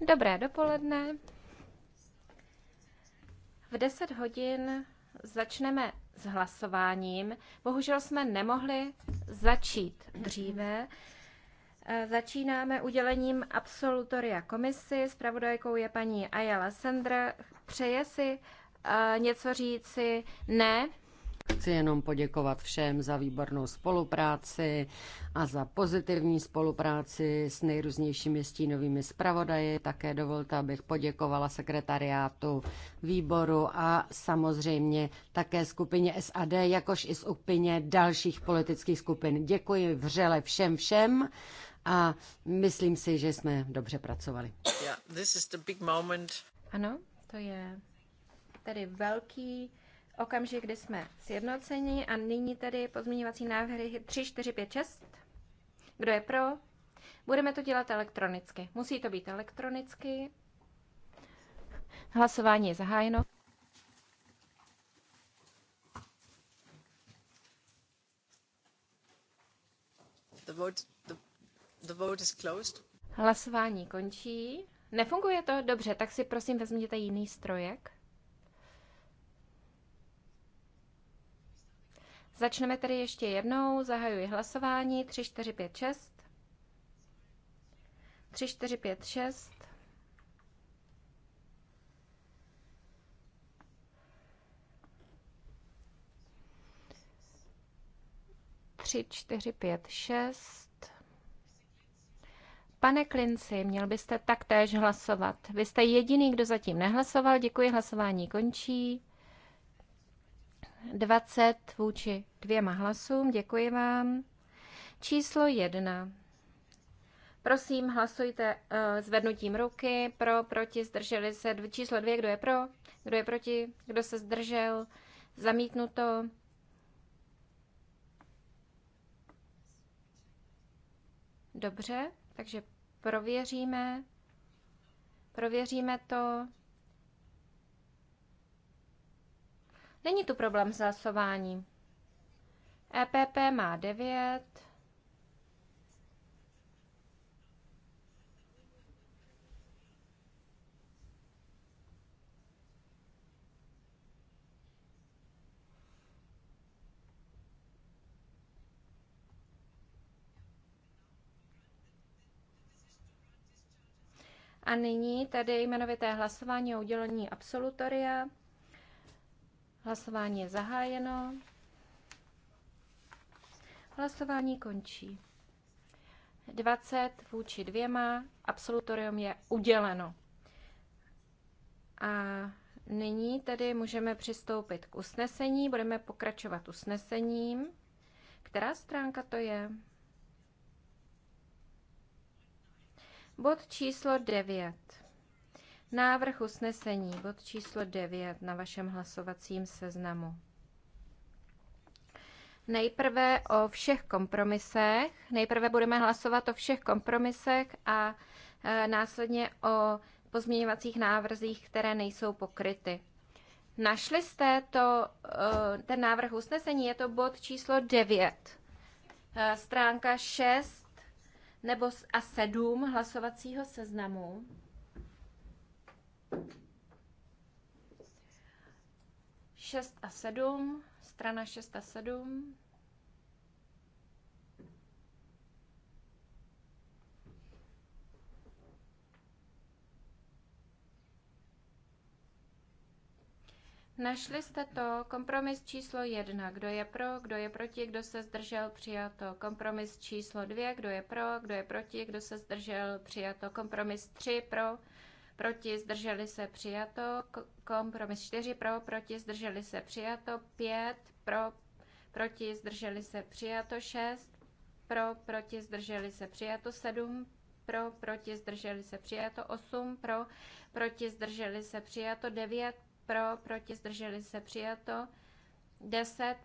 Dobré dopoledne. V 10 hodin začneme s hlasováním. Bohužel jsme nemohli začít dříve. Eh, začínáme udělením absolutoria komisi. Spravodajkou je paní Ayala Sender. Přeje si eh, něco říci? Ne. Chci jenom poděkovat všem za výbornou spolupráci a za pozitivní spolupráci s nejrůznějšími stínovými zpravodaji. Také dovolte, abych poděkovala sekretariátu výboru a samozřejmě také skupině SAD, jakož i skupině dalších politických skupin. Děkuji vřele všem všem a myslím si, že jsme dobře pracovali. Yeah, this is the big moment. Ano, to je tady velký okamžik, kdy jsme sjednoceni a nyní tedy pozměňovací návrhy 3, 4, 5, 6. Kdo je pro? Budeme to dělat elektronicky. Musí to být elektronicky. Hlasování je zahájeno. The vote, the, the vote is closed. Hlasování končí. Nefunguje to? Dobře, tak si prosím vezměte jiný strojek. Začneme tedy ještě jednou. Zahajuji hlasování. 3, 4, 5, 6. 3, 4, 5, 6. Tři, čtyři, pět, šest. Pane Klinci, měl byste taktéž hlasovat. Vy jste jediný, kdo zatím nehlasoval. Děkuji, hlasování končí. 20 vůči dvěma hlasům. Děkuji vám. Číslo 1. Prosím, hlasujte uh, zvednutím ruky. Pro, proti, zdrželi se. Číslo 2. Kdo je pro? Kdo je proti? Kdo se zdržel? Zamítnuto. Dobře, takže prověříme. Prověříme to. Není tu problém s hlasováním. EPP má 9. A nyní tedy jmenovité hlasování o udělení absolutoria. Hlasování je zahájeno. Hlasování končí. 20 vůči dvěma, absolutorium je uděleno. A nyní tedy můžeme přistoupit k usnesení. Budeme pokračovat usnesením. Která stránka to je? Bod číslo 9. Návrh usnesení, bod číslo 9 na vašem hlasovacím seznamu. Nejprve o všech kompromisech. Nejprve budeme hlasovat o všech kompromisech a e, následně o pozměňovacích návrzích, které nejsou pokryty. Našli jste to, e, ten návrh usnesení, je to bod číslo 9, e, stránka 6 nebo a 7 hlasovacího seznamu. 6 a 7, strana 6 a 7. Našli jste to, kompromis číslo jedna, kdo je pro, kdo je proti, kdo se zdržel, přijato. Kompromis číslo dvě, kdo je pro, kdo je proti, kdo se zdržel, přijato. Kompromis tři, pro, proti, zdrželi se přijato, kompromis 4 pro, proti, zdrželi se přijato, 5 pro, proti, zdrželi se přijato, 6 pro, proti, zdrželi se přijato, 7 pro, proti, zdrželi se přijato, 8 pro, proti, zdrželi se přijato, 9 pro, proti, zdrželi se přijato, 10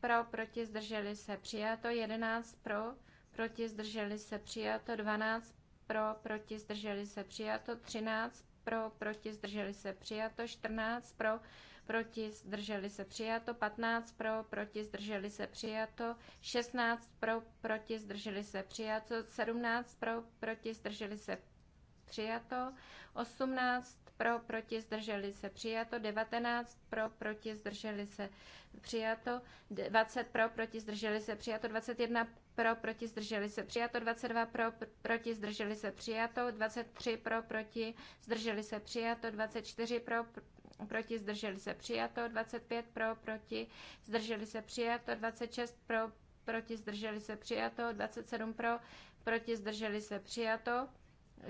pro, proti, zdrželi se přijato, 11 pro, proti, zdrželi se přijato, 12 pro, proti, zdrželi se přijato, 13 pro, proti, zdrželi se přijato, 14 pro, proti, zdrželi se přijato, 15 pro, proti, zdrželi se přijato, 16 pro, proti, zdrželi se přijato, 17 pro, proti, zdrželi se přijato, 18 pro, proti, zdrželi se přijato, 19 pro, proti, zdrželi se přijato, 20 pro, proti, zdrželi se přijato, 21 pro, proti, zdrželi se přijato, 22 pro, proti, zdrželi se přijato, 23 pro, proti, zdrželi se přijato, 24 pro, proti, zdrželi se přijato, 25 pro, proti, zdrželi se přijato, 26 pro, proti, zdrželi se přijato, 27 pro, proti, zdrželi se přijato.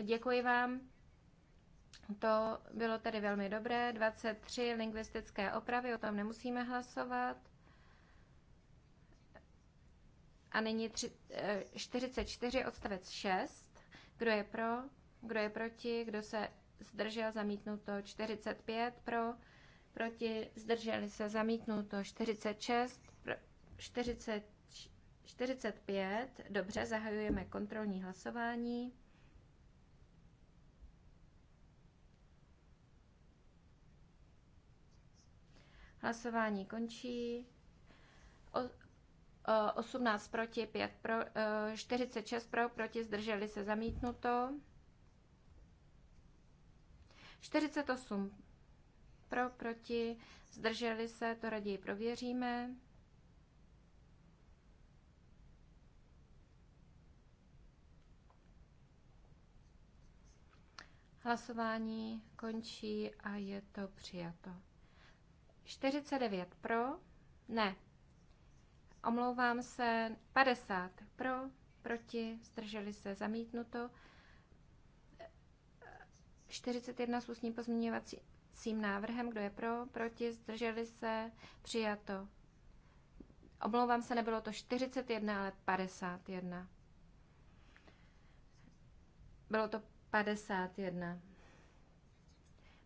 Děkuji vám. To bylo tedy velmi dobré. 23 lingvistické opravy, o tom nemusíme hlasovat. A nyní 44 eh, odstavec 6. Kdo je pro, kdo je proti, kdo se zdržel, zamítnuto 45 pro, proti, zdrželi se, zamítnuto 46, 40, 45. Dobře, zahajujeme kontrolní hlasování. Hlasování končí. O, 18 proti, 5 pro, 46 pro, proti, zdrželi se zamítnuto. 48 pro, proti, zdrželi se, to raději prověříme. Hlasování končí a je to přijato. 49 pro, ne. Omlouvám se, 50 pro, proti, zdrželi se, zamítnuto. 41 s ústním pozměňovacím návrhem, kdo je pro, proti, zdrželi se, přijato. Omlouvám se, nebylo to 41, ale 51. Bylo to 51.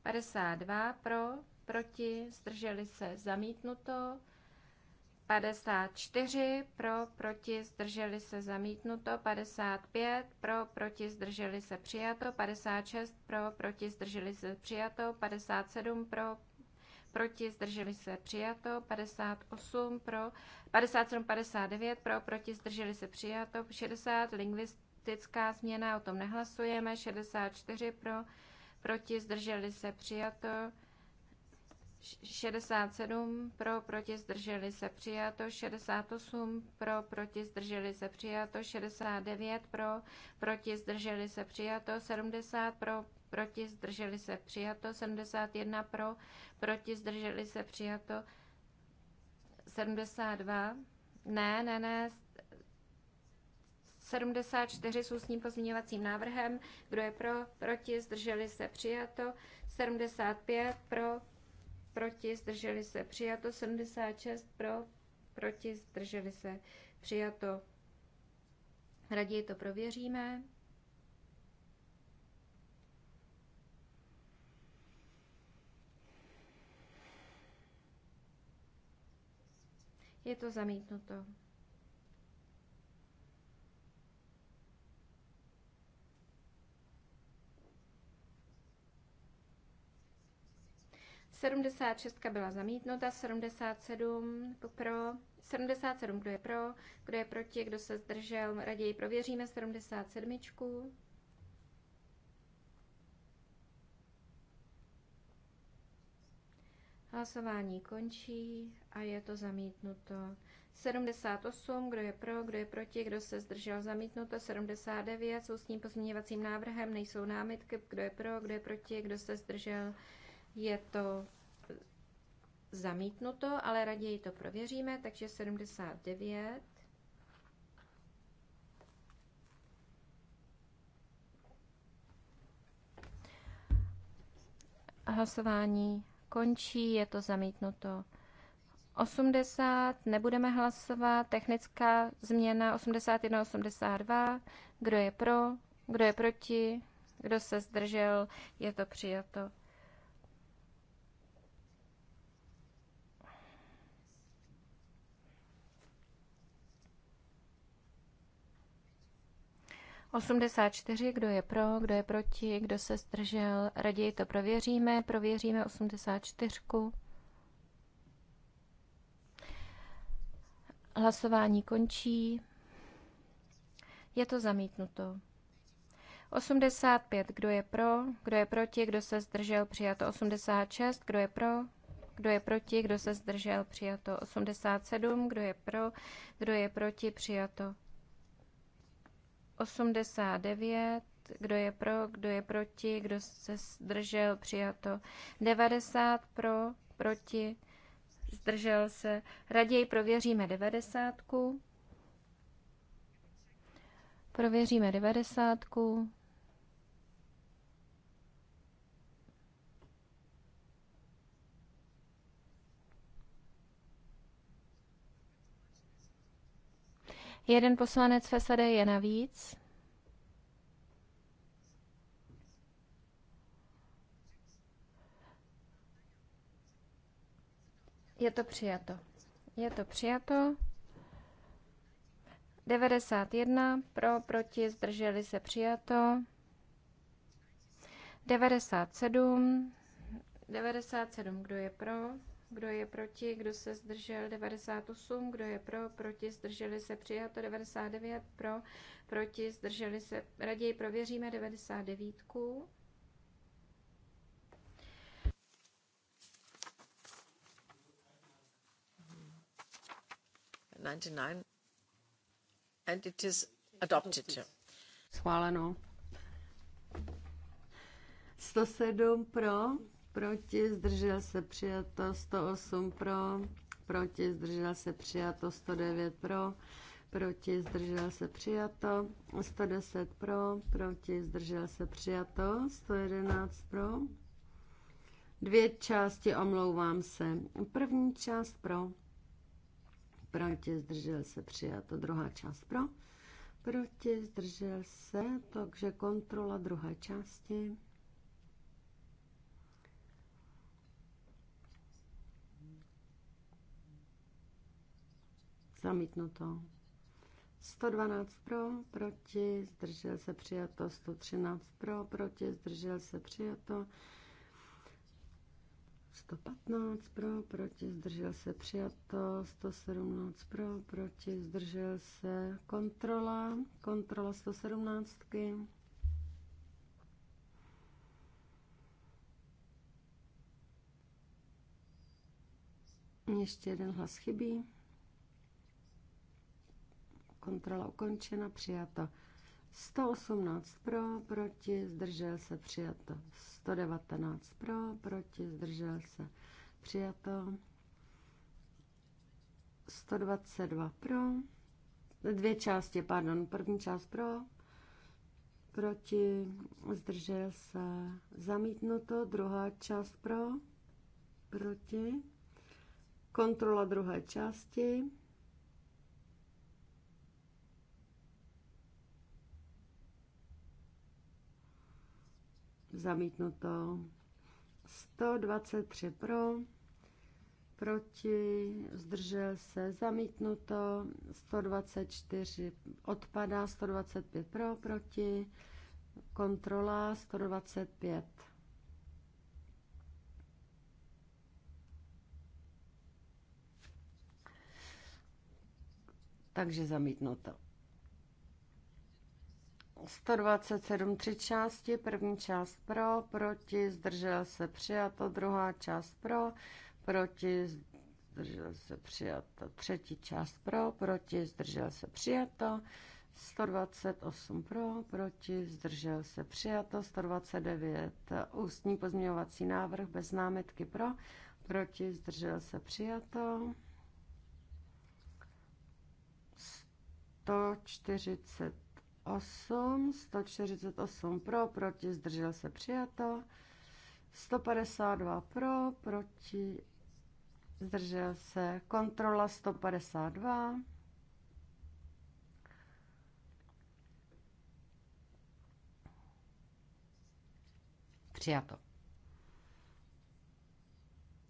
52 pro, proti, zdrželi se, zamítnuto. 54 pro, proti, zdrželi se, zamítnuto. 55 pro, proti, zdrželi se, přijato. 56 pro, proti, zdrželi se, přijato. 57 pro, proti, zdrželi se, přijato. 58 pro, 57, 59 pro, proti, zdrželi se, přijato. 60 lingvistická změna, o tom nehlasujeme. 64 pro, proti, zdrželi se, přijato. 67 pro, proti, zdrželi se přijato, 68 pro, proti, zdrželi se přijato, 69 pro, proti, zdrželi se přijato, 70 pro, proti, zdrželi se přijato, 71 pro, proti, zdrželi se přijato, 72, ne, ne, ne, 74 s ústním pozměňovacím návrhem, kdo je pro, proti, zdrželi se přijato, 75 pro, proti, zdrželi se, přijato 76 pro, proti, zdrželi se, přijato. Raději to prověříme. Je to zamítnuto. 76 byla zamítnuta, 77 pro, 77 kdo je pro, kdo je proti, kdo se zdržel, raději prověříme 77. Hlasování končí a je to zamítnuto. 78, kdo je pro, kdo je proti, kdo se zdržel zamítnuto, 79 jsou s tím pozměňovacím návrhem, nejsou námitky, kdo je pro, kdo je proti, kdo se zdržel je to e, zamítnuto, ale raději to prověříme, takže 79. Hlasování končí, je to zamítnuto. 80, nebudeme hlasovat, technická změna 81, 82, kdo je pro, kdo je proti, kdo se zdržel, je to přijato. 84, kdo je pro, kdo je proti, kdo se zdržel. Raději to prověříme. Prověříme 84. Hlasování končí. Je to zamítnuto. 85, kdo je pro, kdo je proti, kdo se zdržel, přijato 86, kdo je pro, kdo je proti, kdo se zdržel, přijato 87, kdo je pro, kdo je proti, přijato 89, kdo je pro, kdo je proti, kdo se zdržel, přijato 90 pro, proti, zdržel se. Raději prověříme 90. Prověříme 90. Jeden poslanec FSD je navíc. Je to přijato. Je to přijato. 91 pro, proti, zdrželi se přijato. 97. 97, kdo je pro? Kdo je proti? Kdo se zdržel? 98. Kdo je pro? Proti? Zdrželi se? Přijato 99. Pro? Proti? Zdrželi se? Raději prověříme 99. Ninety and it is adopted. Schváleno. 107 pro proti, zdržel se přijato 108 pro, proti, zdržel se přijato 109 pro, proti, zdržel se přijato 110 pro, proti, zdržel se přijato 111 pro. Dvě části, omlouvám se. První část pro, proti, zdržel se přijato, druhá část pro, proti, zdržel se, takže kontrola druhé části. Zamítnuto. 112 pro, proti, zdržel se přijato. 113 pro, proti, zdržel se přijato. 115 pro, proti, zdržel se přijato, 117 pro, proti, zdržel se kontrola, kontrola 117. Ještě jeden hlas chybí kontrola ukončena, přijato 118 pro, proti, zdržel se, přijato 119 pro, proti, zdržel se, přijato 122 pro, dvě části, pardon, první část pro, proti, zdržel se, zamítnuto, druhá část pro, proti, kontrola druhé části, zamítnuto. 123 pro, proti, zdržel se, zamítnuto. 124 odpadá, 125 pro, proti, kontrola 125. Takže zamítnuto. 127 tři části, první část pro, proti, zdržel se přijato, druhá část pro, proti, zdržel se přijato, třetí část pro, proti, zdržel se přijato, 128 pro, proti, zdržel se přijato, 129 ústní pozměňovací návrh bez námitky pro, proti, zdržel se přijato. 140 8, 148 pro, proti, zdržel se přijato. 152 pro, proti, zdržel se kontrola 152. Přijato.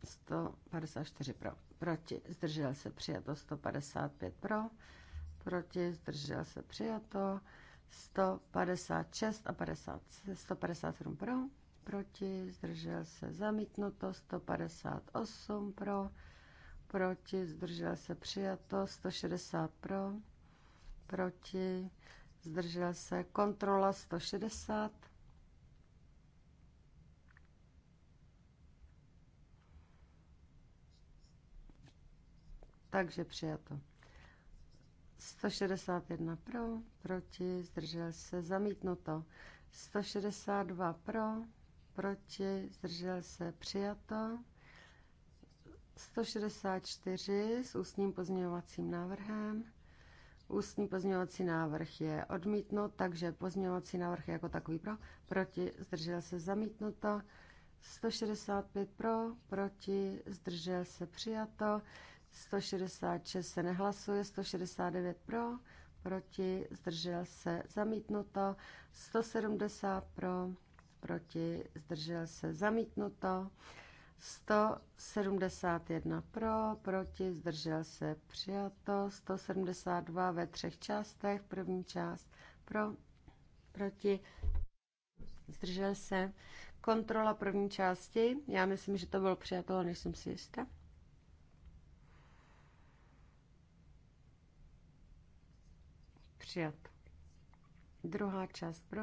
154 pro. Proti zdržel se přijato 155 pro. Proti zdržel se přijato 156 a 50, 157 pro, proti, zdržel se zamítnuto, 158 pro, proti, zdržel se přijato, 160 pro, proti, zdržel se kontrola 160. Takže přijato. 161 pro, proti, zdržel se, zamítnuto. 162 pro, proti, zdržel se, přijato. 164 s ústním pozměňovacím návrhem. Ústní pozměňovací návrh je odmítnut, takže pozměňovací návrh je jako takový pro, proti, zdržel se, zamítnuto. 165 pro, proti, zdržel se, přijato. 166 se nehlasuje, 169 pro, proti, zdržel se, zamítnuto, 170 pro, proti, zdržel se, zamítnuto, 171 pro, proti, zdržel se, přijato, 172 ve třech částech, první část pro, proti, zdržel se, kontrola první části, já myslím, že to bylo přijato, než jsem si jistá. Přijat. Druhá část pro.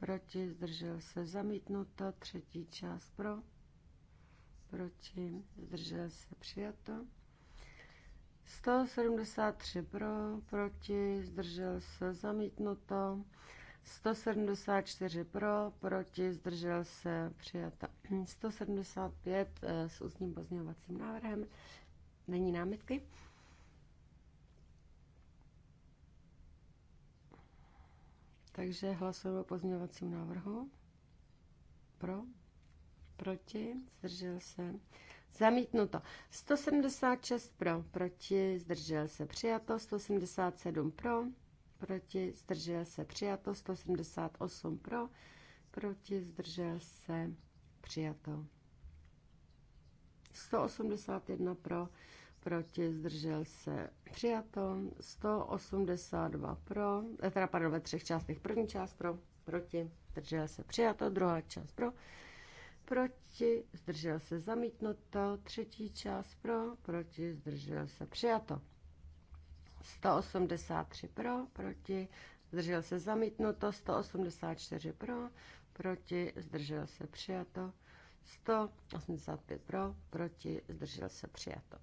Proti zdržel se zamítnuto. Třetí část pro. Proti zdržel se přijato. 173 pro, proti, zdržel se, zamítnuto. 174 pro, proti, zdržel se, přijata. 175 eh, s ústním pozměňovacím návrhem. Není námitky? Takže hlasujeme o pozměňovacím návrhu. Pro, proti, zdržel se. Zamítnuto. 176 pro, proti, zdržel se přijato. 177 pro, proti, zdržel se přijato. 178 pro, proti, zdržel se přijato. 181 pro, proti, zdržel se, přijato, 182 pro, eh, teda pardon, ve třech částech, první část pro, proti, zdržel se, přijato, druhá část pro, proti, zdržel se, zamítnuto, třetí část pro, proti, zdržel se, přijato. 183 pro, proti, zdržel se, zamítnuto, 184 pro, proti, zdržel se, přijato, 185 pro, proti, zdržel se, přijato.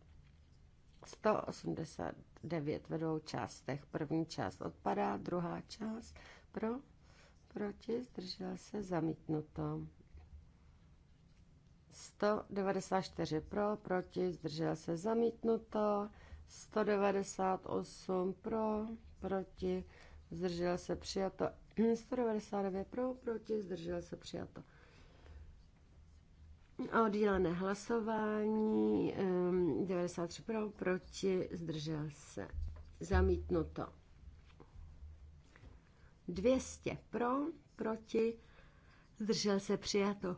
189 ve dvou částech. První část odpadá, druhá část pro, proti, zdržel se, zamítnuto. 194 pro, proti, zdržel se, zamítnuto. 198 pro, proti, zdržel se, přijato. 199 [clears throat] pro, proti, zdržel se, přijato. Oddělené hlasování 93 pro, proti, zdržel se. Zamítnuto. 200 pro, proti, zdržel se přijato.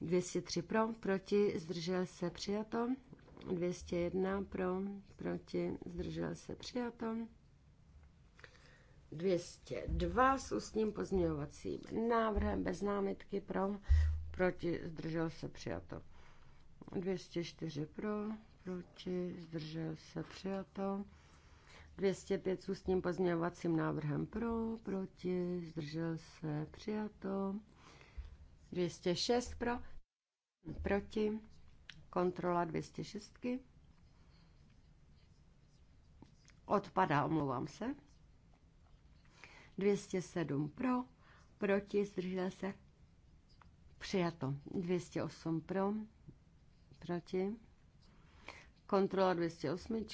203 pro, proti, zdržel se přijato. 201 pro, proti, zdržel se přijato. 202 s ústním pozměňovacím návrhem bez námitky pro, proti, zdržel se přijato. 204 pro, proti, zdržel se přijato. 205 s ústním pozměňovacím návrhem pro, proti, zdržel se přijato. 206 pro, proti, kontrola 206. Odpadá, omlouvám se. 207 pro, proti, zdržel se Přijato. 208 pro, proti. Kontrola 208.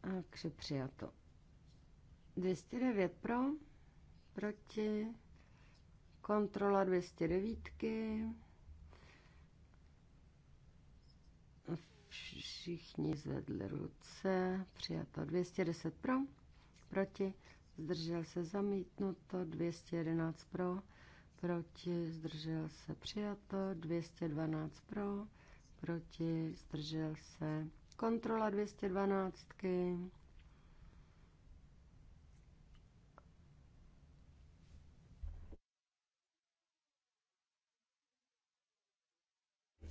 Takže přijato. 209 pro, proti, kontrola 209. Všichni zvedli ruce. Přijato 210 pro. Proti. Zdržel se zamítnuto. 211 pro. Proti. Zdržel se přijato. 212 pro. Proti. Zdržel se. Kontrola 212. -ky.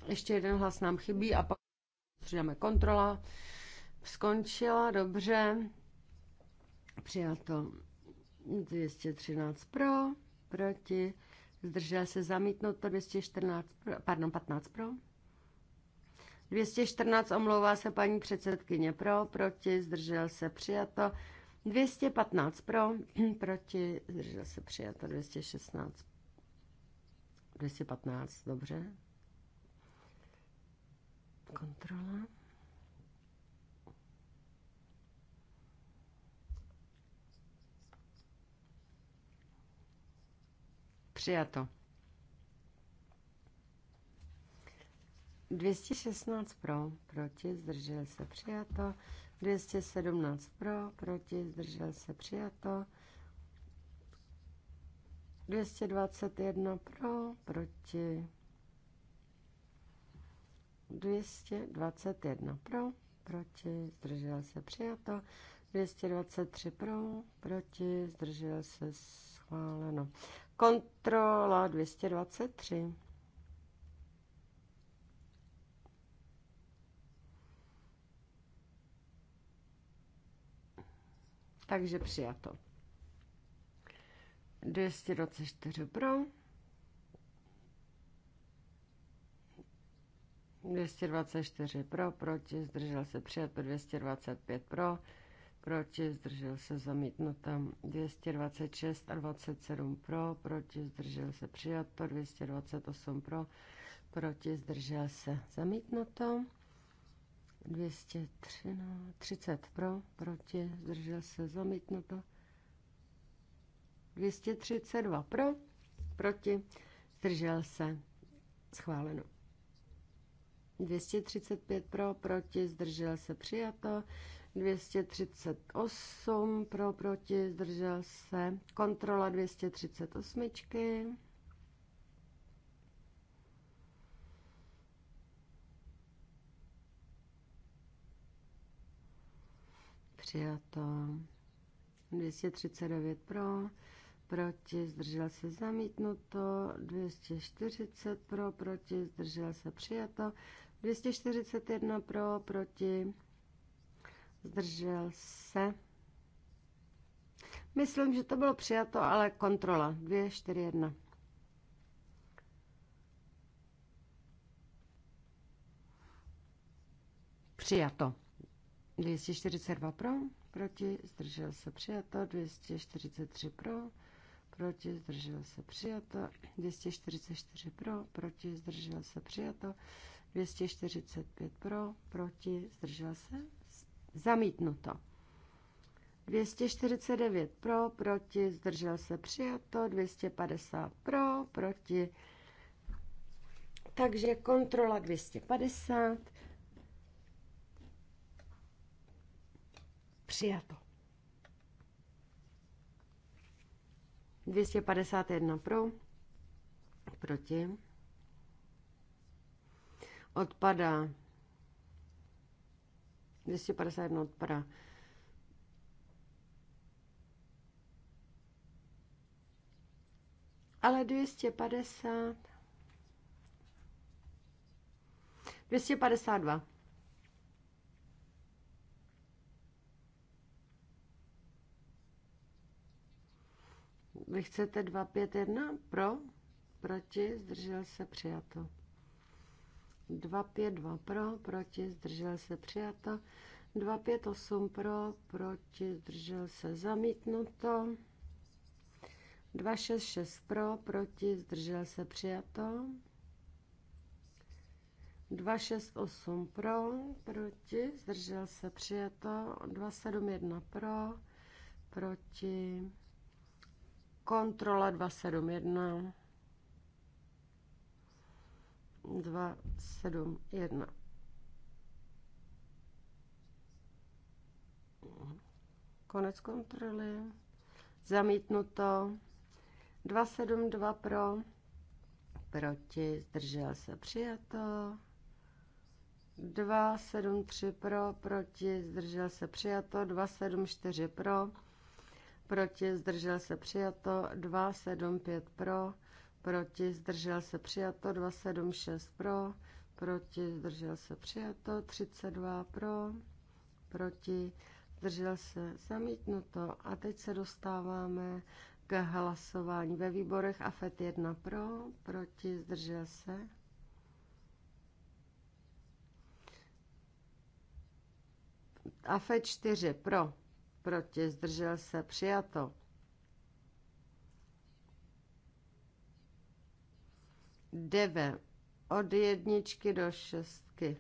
Ještě jeden hlas nám chybí a pak přidáme kontrola. Skončila, dobře. Přijato 213 pro, proti, zdržel se to 214, pro, pardon, 15 pro. 214 omlouvá se paní předsedkyně pro, proti, zdržel se přijato 215 pro, [clears throat] proti, zdržel se přijato 216. 215, dobře. Kontrola. Přijato. 216 pro, proti, zdržel se přijato. 217 pro, proti, zdržel se přijato. 221 pro, proti, 221 pro, proti, zdržel se přijato, 223 pro, proti, zdržel se schváleno. Kontrola 223. Takže přijato. 224 pro, 224 pro, proti, zdržel se přijat 225 pro, proti, zdržel se zamítnuto 226 a 27 pro, proti, zdržel se přijato 228 pro, proti, zdržel se zamítnuto 230 pro, proti, zdržel se zamítnuto 232 pro, proti, zdržel se schváleno. 235 pro, proti, zdržel se přijato. 238 pro, proti, zdržel se. Kontrola 238. Přijato. 239 pro, proti, zdržel se zamítnuto, 240 pro, proti, zdržel se přijato, 241 pro, proti, zdržel se. Myslím, že to bylo přijato, ale kontrola. 241. Přijato. 242 pro, proti, zdržel se přijato, 243 pro, proti, zdržel se přijato, 244 pro, proti, zdržel se přijato, 245 pro, proti, zdržel se, zamítnuto. 249 pro, proti, zdržel se, přijato, 250 pro, proti. Takže kontrola 250, přijato. 251 pro, proti Odpadá. 251 odpadá. Ale 250... 252. Vy chcete 251 pro, proti, zdržel se, přijato. 2 pro, proti, zdržel se přijato. 8 pro, proti, zdržel se zamítnuto. 6 pro, proti, zdržel se přijato. 8 pro, proti, zdržel se přijato. 1 pro, proti, kontrola 271. 2, 7, 1. Konec kontroly. Zamítnuto. 2, 7, 2 pro. Proti. Zdržel se. Přijato. 2, 7, 3 pro. Proti. Zdržel se. Přijato. 2, 7, 4 pro. Proti. Zdržel se. Přijato. 2, 7, 5 pro proti, zdržel se přijato, 276 pro, proti, zdržel se přijato, 32 pro, proti, zdržel se zamítnuto. A teď se dostáváme k hlasování ve výborech AFET 1 pro, proti, zdržel se. AFET 4 pro, proti, zdržel se, přijato. Deve od jedničky do šestky.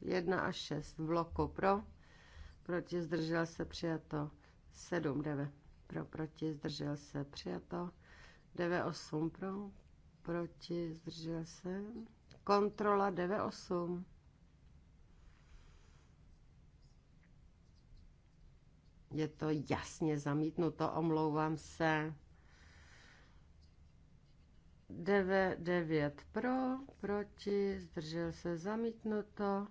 Jedna a šest v loku pro, proti zdržel se přijato. Sedm deve pro, proti zdržel se přijato. Deve osm pro, proti zdržel se. Kontrola deve osm. Je to jasně zamítnuto, omlouvám se. 9 pro, proti, zdržel se zamítnuto.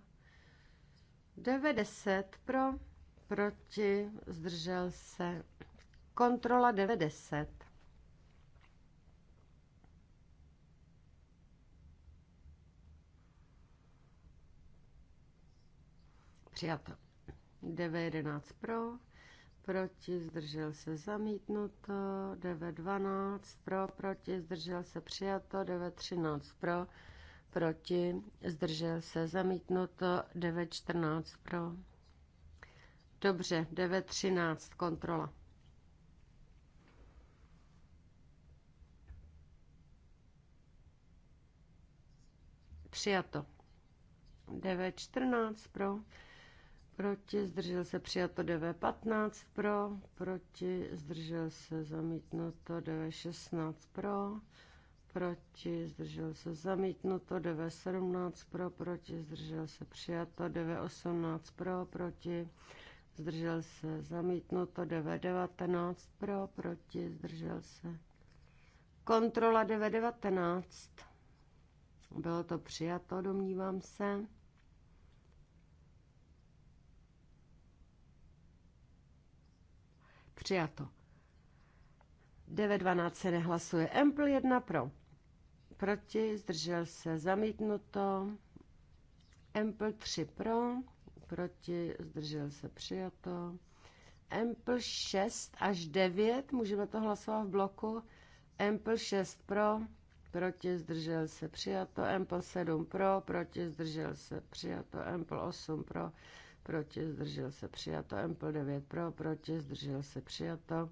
90 pro, proti, zdržel se. Kontrola 90. Přijato. 9 11 pro, proti, zdržel se zamítnuto, 9.12 pro, proti, zdržel se přijato, 9.13 pro, proti, zdržel se zamítnuto, 9.14 pro. Dobře, 9.13 kontrola. Přijato. 9.14 pro proti, zdržel se přijato DV15 pro, proti, zdržel se zamítnuto DV16 pro, proti, zdržel se zamítnuto DV17 pro, proti, zdržel se přijato DV18 pro, proti, zdržel se zamítnuto DV19 pro, proti, zdržel se. Kontrola DV19. Bylo to přijato, domnívám se. Přijato. 9.12 se nehlasuje. Empl 1 pro. Proti, zdržel se, zamítnuto. Empl 3 pro. Proti, zdržel se, přijato. Empl 6 až 9, můžeme to hlasovat v bloku. Empl 6 pro, proti zdržel se přijato, Empl 7 pro, proti zdržel se přijato, Empl 8 pro, proti, zdržel se přijato, Empl 9 pro, proti, zdržel se přijato,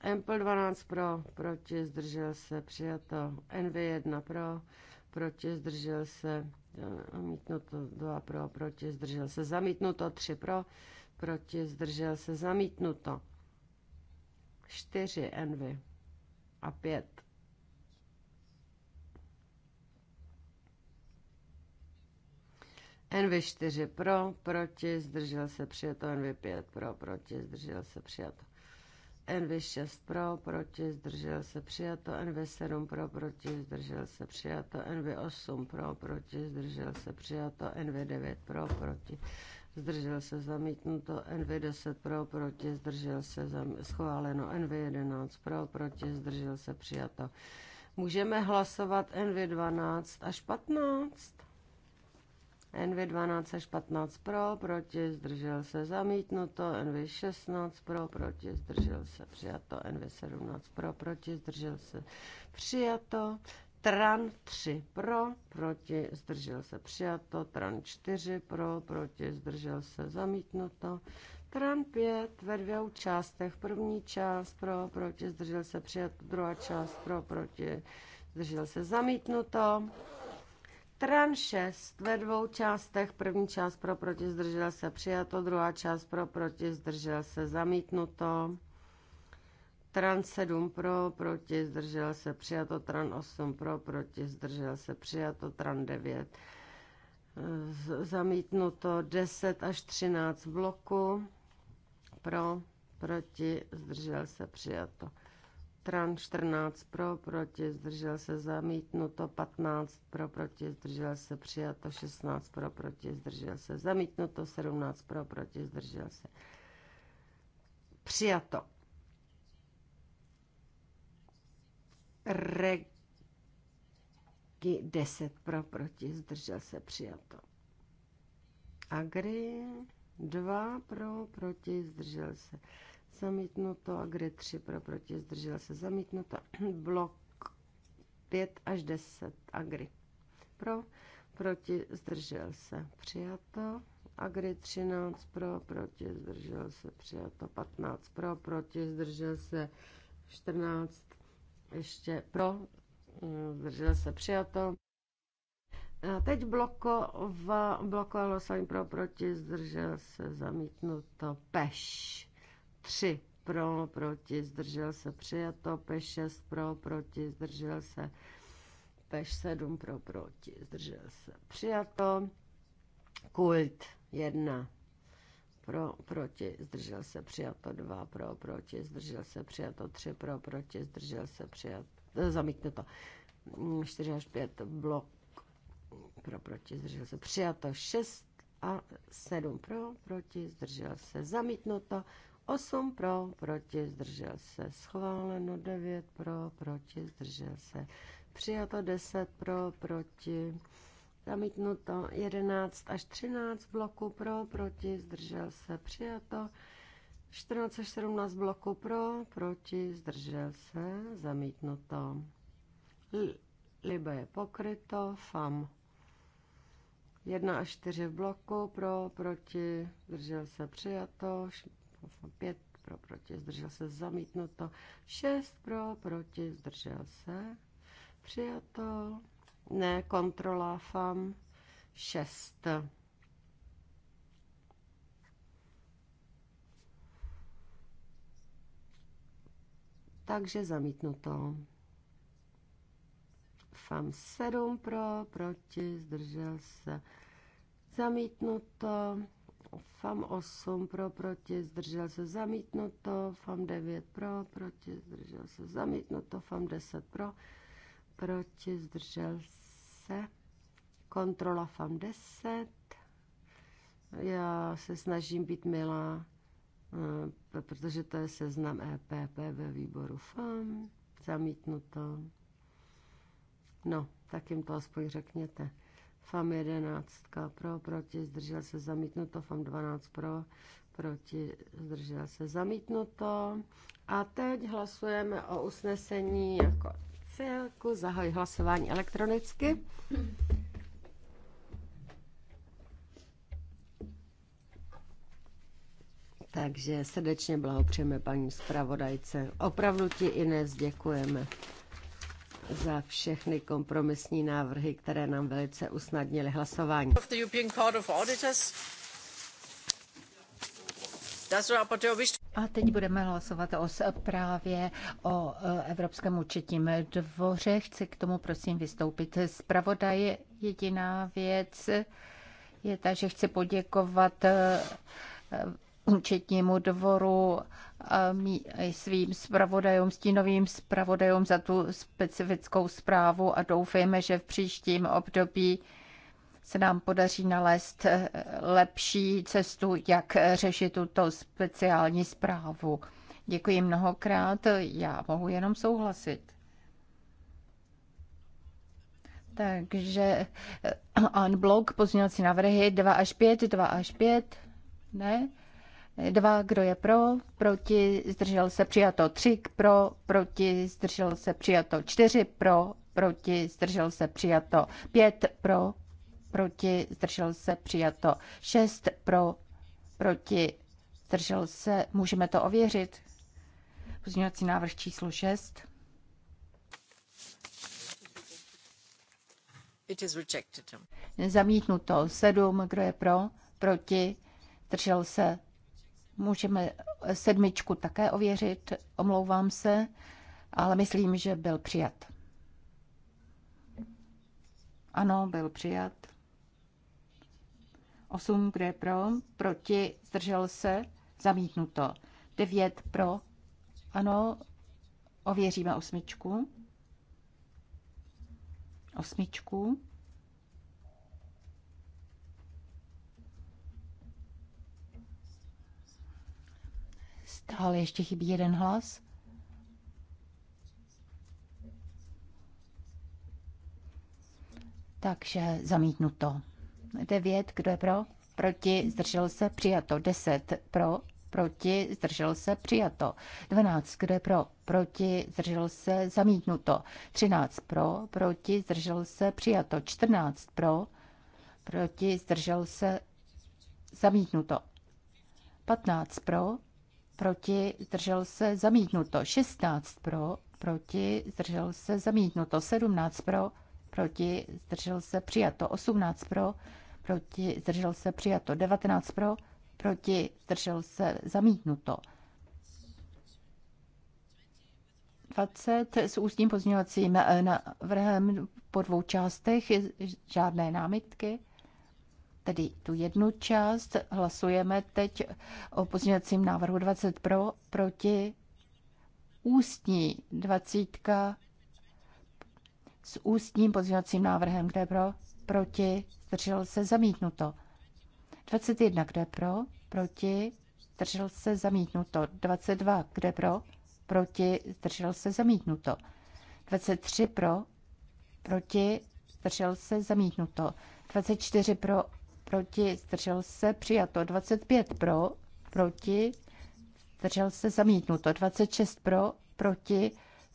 Empl 12 pro, proti, zdržel se přijato, NV1 eh, pro, proti, zdržel se, zamítnuto 2 pro, proti, zdržel se, zamítnuto 3 pro, proti, zdržel se, zamítnuto 4 NV a 5 NV4 pro, proti, zdržel se přijato, NV5 pro, proti, zdržel se přijato. NV6 pro, proti, zdržel se přijato, NV7 pro, proti, zdržel se přijato, NV8 pro, proti, zdržel se přijato, NV9 pro, proti, zdržel se zamítnuto, NV10 pro, proti, zdržel se zam... schváleno, NV11 pro, proti, zdržel se přijato. Můžeme hlasovat NV12 až 15? NV 12 až 15 pro, proti, zdržel se zamítnuto, NV 16 pro, proti, zdržel se přijato, NV 17 pro, proti, zdržel se přijato, TRAN 3 pro, proti, zdržel se přijato, TRAN 4 pro, proti, zdržel se zamítnuto, TRAN 5 ve dvou částech, první část pro, proti, zdržel se přijato, druhá část pro, proti, zdržel se zamítnuto. Tran 6 ve dvou částech. První část pro proti zdržel se přijato, druhá část pro proti zdržel se zamítnuto. Tran 7 pro, proti zdržel se přijato, Tran 8 pro, proti zdržel se přijato, Tran 9 eh, zamítnuto, 10 až 13 bloku pro, proti zdržel se přijato stran 14 pro, proti, zdržel se zamítnuto, 15 pro, proti, zdržel se přijato, 16 pro, proti, zdržel se zamítnuto, 17 pro, proti, zdržel se přijato. Regi 10 pro, proti, zdržel se přijato. Agri 2 pro, proti, zdržel se přijato zamítnuto, a agri 3 pro, proti, zdržel se, zamítnuto, [clears throat] blok 5 až 10, agri pro, proti, zdržel se, přijato, agri 13 pro, proti, zdržel se, přijato, 15 pro, proti, zdržel se, 14 ještě pro, mm, zdržel se, přijato. A teď blokova, blokovalo hlasování pro proti, zdržel se zamítnuto peš. 3 pro, proti, zdržel se, přijato, p 6 pro, proti, zdržel se, p 7 pro, proti, zdržel se, přijato, kult 1 pro, proti, zdržel se, přijato 2 pro, proti, zdržel se, přijato 3 pro, proti, zdržel se, přijato, e, zamítne to, 4 až 5 blok pro, proti, zdržel se, přijato 6 a 7 pro, proti, zdržel se, zamítnuto, 8 pro, proti, zdržel se. Schváleno 9 pro, proti, zdržel se. Přijato 10 pro, proti. Zamítnuto 11 až 13 bloků pro, proti, zdržel se. Přijato 14 až 17 bloků pro, proti, zdržel se. Zamítnuto. Libe je pokryto, FAM 1 až 4 v bloku, pro, proti, zdržel se přijato, 5 pro, proti, zdržel se, zamítnuto. 6 pro, proti, zdržel se, přijato. Ne, kontrola FAM 6. Takže zamítnuto. FAM 7 pro, proti, zdržel se, zamítnuto. FAM 8 pro, proti, zdržel se zamítnuto, FAM 9 pro, proti, zdržel se zamítnuto, FAM 10 pro, proti, zdržel se, kontrola FAM 10, já se snažím být milá, eh, protože to je seznam EPP ve výboru FAM, zamítnuto, no, tak jim to aspoň řekněte. FAM 11 pro, proti, zdržel se zamítnuto, FAM 12 pro, proti, zdržel se zamítnuto. A teď hlasujeme o usnesení jako celku. Zahoj hlasování elektronicky. Takže srdečně blahopřejeme paní zpravodajce. Opravdu ti, Ines, děkujeme za všechny kompromisní návrhy, které nám velice usnadnily hlasování. A teď budeme hlasovat o zprávě o e, Evropském účetním dvoře. Chci k tomu prosím vystoupit. Zpravodaj jediná věc je ta, že chci poděkovat e, účetnímu dvoru a um, svým zpravodajům, stínovým zpravodajům za tu specifickou zprávu a doufejme, že v příštím období se nám podaří nalézt eh, lepší cestu, jak řešit tuto speciální zprávu. Děkuji mnohokrát, já mohu jenom souhlasit. Takže unblock eh, pozměňovací návrhy 2 až 5, 2 až 5, ne? 2, kdo je pro, proti, zdržel se přijato 3, pro, proti, zdržel se přijato 4, pro, proti, zdržel se přijato 5, pro, proti, zdržel se přijato 6, pro, proti, zdržel se, můžeme to ověřit. Pozměňovací návrh číslo 6. It is rejected. Zamítnuto 7, kdo je pro, proti, zdržel se Můžeme sedmičku také ověřit, omlouvám se, ale myslím, že byl přijat. Ano, byl přijat. Osm, kde pro, proti, zdržel se, zamítnuto. Devět, pro, ano, ověříme osmičku. Osmičku. Stále ještě chybí jeden hlas. Takže zamítnuto. Devět, kdo je pro? Proti, zdržel se, přijato. deset pro, proti, zdržel se, přijato. Dvanáct, kdo je pro? Proti, zdržel se, zamítnuto. třináct pro, proti, zdržel se, přijato. čtrnáct pro, proti, zdržel se, zamítnuto. patnáct pro, proti, zdržel se, zamítnuto. 16 pro, proti, zdržel se, zamítnuto. 17 pro, proti, zdržel se, přijato. 18 pro, proti, zdržel se, přijato. 19 pro, proti, zdržel se, zamítnuto. 20 s ústním pozměňovacím eh, návrhem po dvou částech, žádné námitky tedy tu jednu část. Hlasujeme teď o pozměňovacím návrhu 20 pro, proti ústní 20 s ústním pozměňovacím návrhem, kde pro, proti, zdržel se zamítnuto. 21, kde pro, proti, zdržel se zamítnuto. 22, kde pro, proti, zdržel se zamítnuto. 23 pro, proti, zdržel se zamítnuto. 24 pro, proti, zdržel se, přijato 25 pro, proti, zdržel se, zamítnuto 26 pro, proti,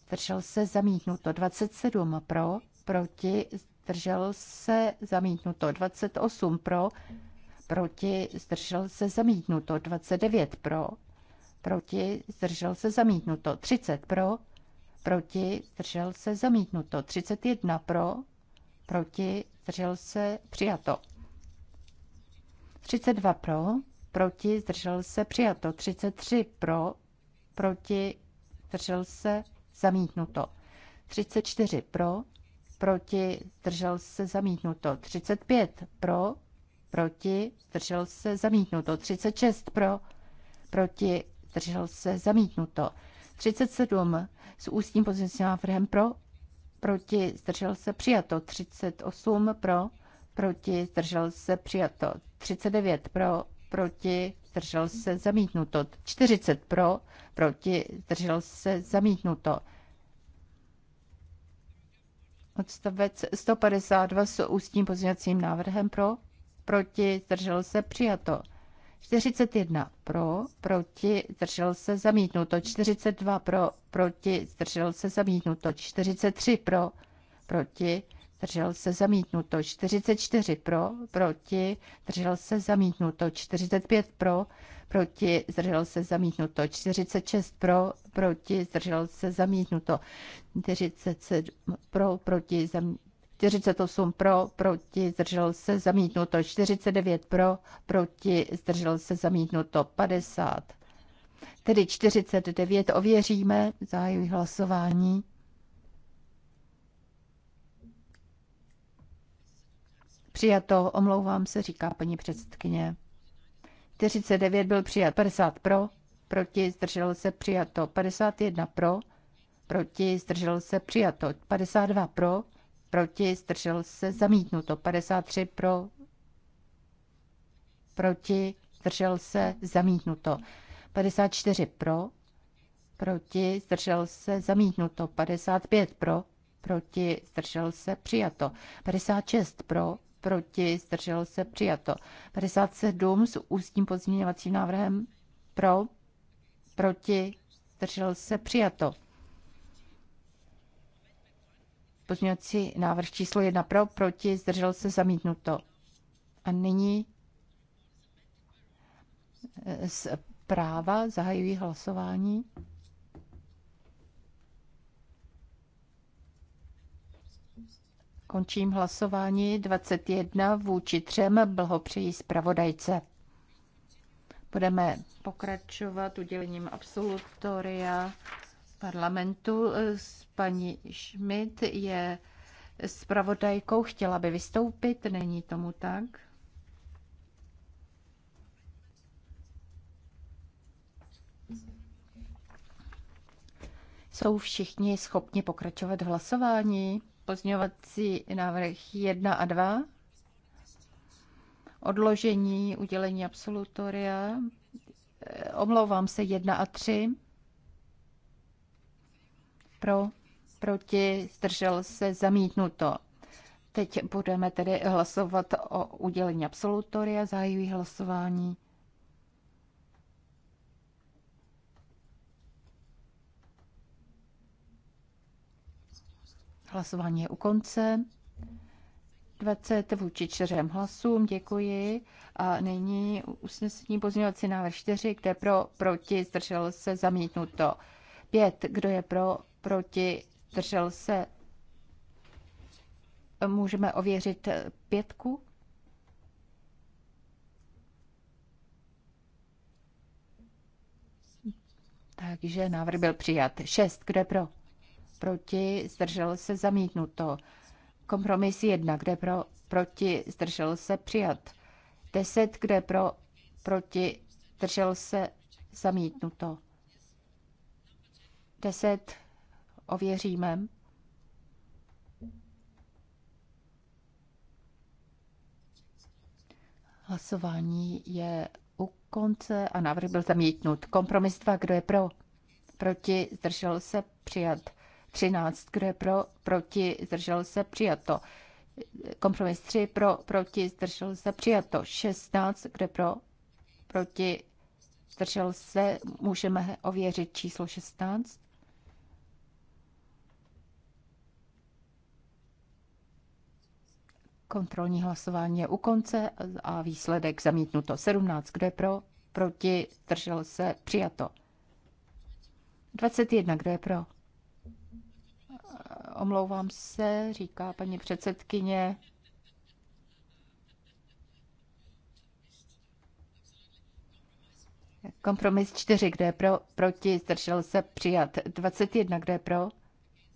zdržel se, zamítnuto 27 pro, proti, zdržel se, zamítnuto 28 pro, proti, zdržel se, zamítnuto 29 pro, proti, zdržel se, zamítnuto 30 pro, proti, zdržel se, zamítnuto 31 pro, proti, zdržel se, přijato. 32 pro, proti, zdržel se, přijato. 33 pro, proti, zdržel se, zamítnuto. 34 pro, proti, zdržel se, zamítnuto. 35 pro, proti, zdržel se, zamítnuto. 36 pro, proti, zdržel se, zamítnuto. 37 s ústním pozměňovacím návrhem pro, proti, zdržel se, přijato. 38 pro, proti, zdržel se přijato. 39 pro, proti, zdržel se zamítnuto. 40 pro, proti, zdržel se zamítnuto. Odstavec 152 s ústním pozměňovacím návrhem pro, proti, zdržel se přijato. 41 pro, proti, zdržel se zamítnuto. 42 pro, proti, zdržel se zamítnuto. 43 pro, proti, držel se zamítnuto. 44 pro, proti, držel se zamítnuto. 45 pro, proti, zdržel se zamítnuto. 46 pro, proti, zdržel se zamítnuto. 47 pro, proti, zam... 48 pro, proti, zdržel se zamítnuto. 49 pro, proti, zdržel se zamítnuto. 50. Tedy 49 ověříme, zahajuji hlasování. Přijato, omlouvám se, říká paní předsedkyně. 49 byl přijat, 50 pro, proti, zdržel se, přijato. 51 pro, proti, zdržel se, přijato. 52 pro, proti, zdržel se, zamítnuto. 53 pro, proti, zdržel se, zamítnuto. 54 pro, proti, zdržel se, zamítnuto. 55 pro, proti, zdržel se, přijato. 56 pro, proti, zdržel se, přijato. 57 s ústním pozměňovacím návrhem pro, proti, zdržel se, přijato. Pozměňovací návrh číslo 1 pro, proti, zdržel se, zamítnuto. A nyní eh, z práva zahajují hlasování. Končím hlasování 21 vůči třem. blhopřejí zpravodajce. Budeme pokračovat udělením absolutoria parlamentu. S paní Schmidt je zpravodajkou. Chtěla by vystoupit, není tomu tak? Jsou všichni schopni pokračovat v hlasování? Pozměňovací návrh 1 a 2. Odložení udělení absolutoria. Omlouvám se 1 a 3. Pro, proti, zdržel se, zamítnuto. Teď budeme tedy hlasovat o udělení absolutoria. Zahajuji hlasování. Hlasování je u konce. 20 vůči 4 hlasům, děkuji. A nyní usnesení pozměňovací návrh 4, kde pro, proti, zdržel se, zamítnuto. 5, kdo je pro, proti, zdržel se. Můžeme ověřit pětku? Takže návrh byl přijat. 6, kdo je pro? proti, zdržel se zamítnuto. Kompromis 1, kde pro, proti, zdržel se přijat. 10, kde pro, proti, zdržel se zamítnuto. 10 ověříme. Hlasování je u konce a návrh byl zamítnut. Kompromis 2, kdo je pro? Proti zdržel se přijat. 13, kdo je pro, proti, zdržel se, přijato. Kompromis 3, pro, proti, zdržel se, přijato. 16, kdo je pro, proti, zdržel se, můžeme ověřit číslo 16. Kontrolní hlasování je u konce a výsledek zamítnuto. 17, kdo je pro, proti, zdržel se, přijato. 21, kdo je pro? Omlouvám se, říká paní předsedkyně. Kompromis 4, kde je pro, proti, zdržel se přijat. 21, kde je pro,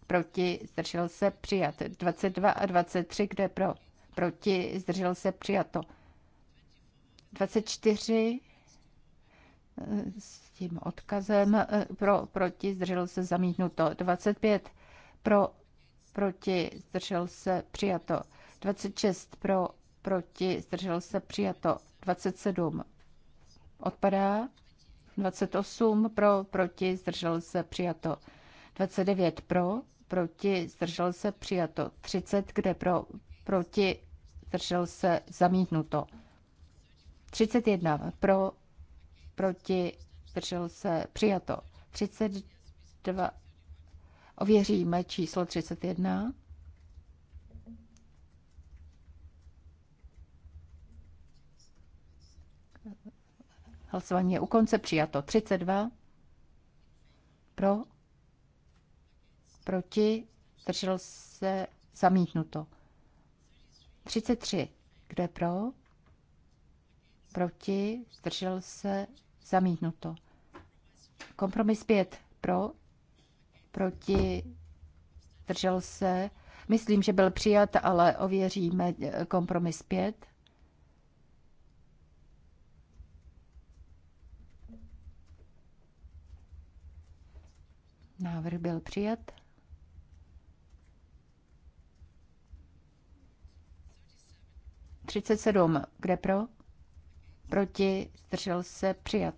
proti, zdržel se přijat. 22 a 23, kde je pro, proti, zdržel se přijato. 24 eh, s tím odkazem eh, pro, proti, zdržel se zamítnuto. 25 pro, proti, zdržel se, přijato. 26 pro, proti, zdržel se, přijato. 27 odpadá. 28 pro, proti, zdržel se, přijato. 29 pro, proti, zdržel se, přijato. 30, kde pro, proti, zdržel se, zamítnuto. 31 pro, proti, zdržel se, přijato. 32 Ověříme číslo 31. Hlasování je u konce přijato 32. Pro. Proti. Držel se zamítnuto. 33. Kdo je pro? Proti. držel se zamítnuto. Kompromis 5. Pro proti, držel se. Myslím, že byl přijat, ale ověříme eh, kompromis pět. Návrh byl přijat. 37. Kde pro? Proti. Zdržel se. Přijat.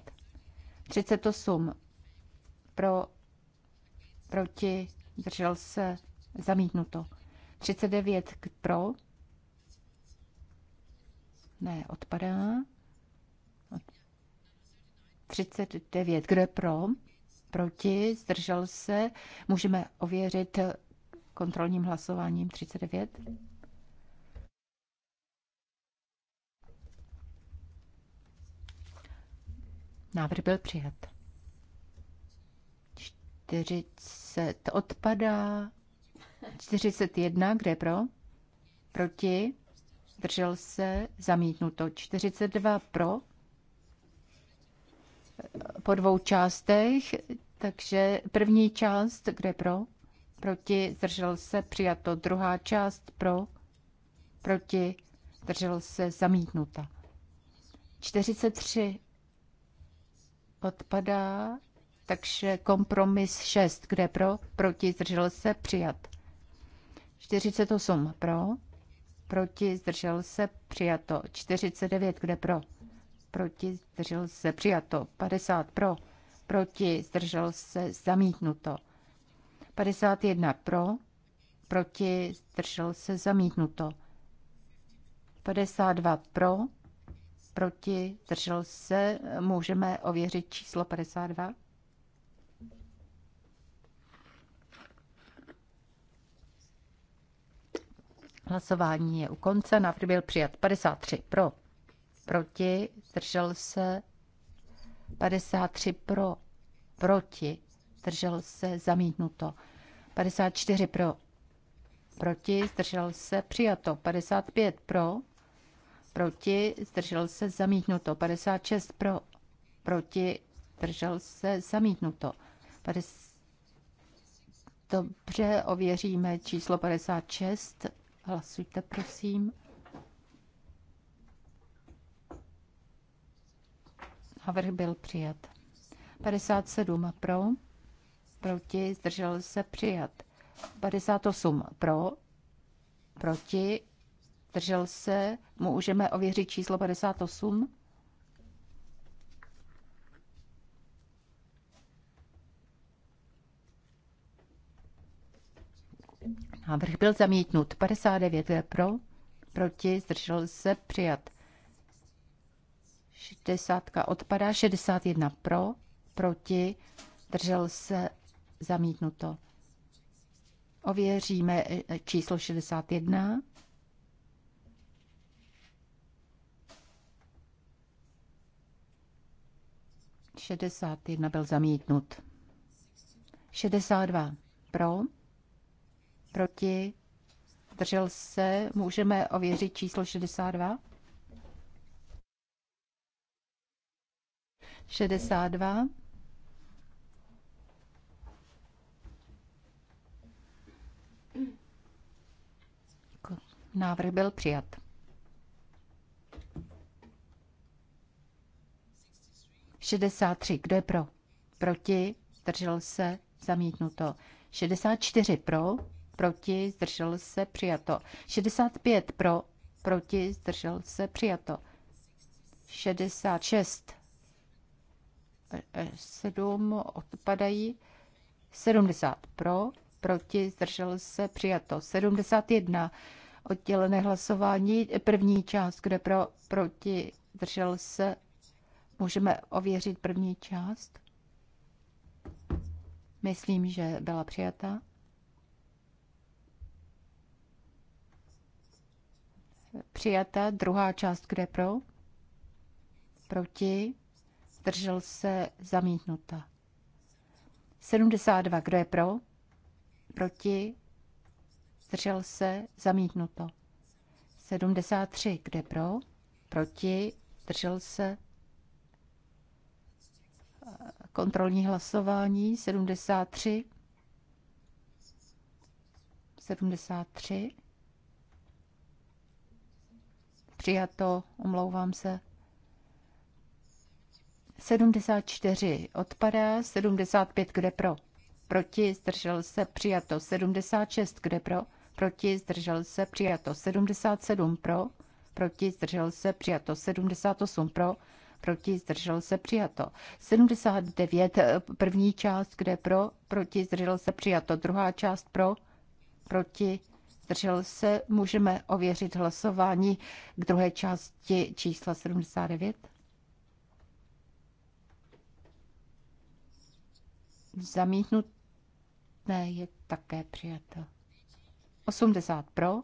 osm. Pro proti, zdržel se, zamítnuto. 39 pro, ne, odpadá. 39, kde pro, proti, zdržel se, můžeme ověřit kontrolním hlasováním 39. Návrh byl přijat. 40 odpadá. 41, kde pro? Proti? Držel se? Zamítnuto. 42 pro? Po dvou částech, takže první část, kde pro? Proti? Zdržel se? Přijato. Druhá část pro? Proti? Zdržel se? Zamítnuta. 43 odpadá. Takže kompromis 6, kde pro, proti, zdržel se, přijat. 48 pro, proti, zdržel se, přijato. 49, kde pro, proti, zdržel se, přijato. 50 pro, proti, zdržel se, zamítnuto. 51 pro, proti, zdržel se, zamítnuto. 52 pro, proti, zdržel se, můžeme ověřit číslo 52. Hlasování je u konce. Návrh byl přijat 53 pro. Proti. Držel se 53 pro. Proti. Držel se zamítnuto. 54 pro. Proti. Zdržel se přijato. 55 pro. Proti. Zdržel se zamítnuto. 56 pro. Proti. Zdržel se zamítnuto. 50... Dobře, ověříme číslo 56. Hlasujte, prosím. Návrh byl přijat. 57 pro, proti, zdržel se přijat. 58 pro, proti, zdržel se, můžeme ověřit číslo 58. Návrh byl zamítnut. 59 je pro, proti, zdržel se, přijat. 60 odpadá, 61 pro, proti, zdržel se, zamítnuto. Ověříme e, e, číslo 61. Šedesát jedna byl zamítnut. Šedesát dva pro proti, držel se, můžeme ověřit číslo 62. 62. Návrh byl přijat. tři. Kdo je pro? Proti? Držel se? Zamítnuto. čtyři. pro, proti, zdržel se, přijato. 65 pro, proti, zdržel se, přijato. 66, 7 odpadají, 70 pro, proti, zdržel se, přijato. 71 oddělené hlasování, první část, kde pro, proti, zdržel se, můžeme ověřit první část. Myslím, že byla přijata. Přijata druhá část, kde pro? Proti? Zdržel se zamítnuta. 72, kdo je pro? Proti? Zdržel se zamítnuto. 73, kde pro? Proti? Zdržel se kontrolní hlasování 73. 73. Přijato, omlouvám se. 74 odpadá, 75 kde pro? Proti, zdržel se, přijato. 76 kde pro? Proti, zdržel se, přijato. 77 pro? Proti, zdržel se, přijato. 78 pro? proti, zdržel se přijato. 79, první část, kde pro, proti, zdržel se přijato. Druhá část pro, proti, zdržel se, můžeme ověřit hlasování k druhé části čísla 79. Zamítnuté je také přijato. 80 pro,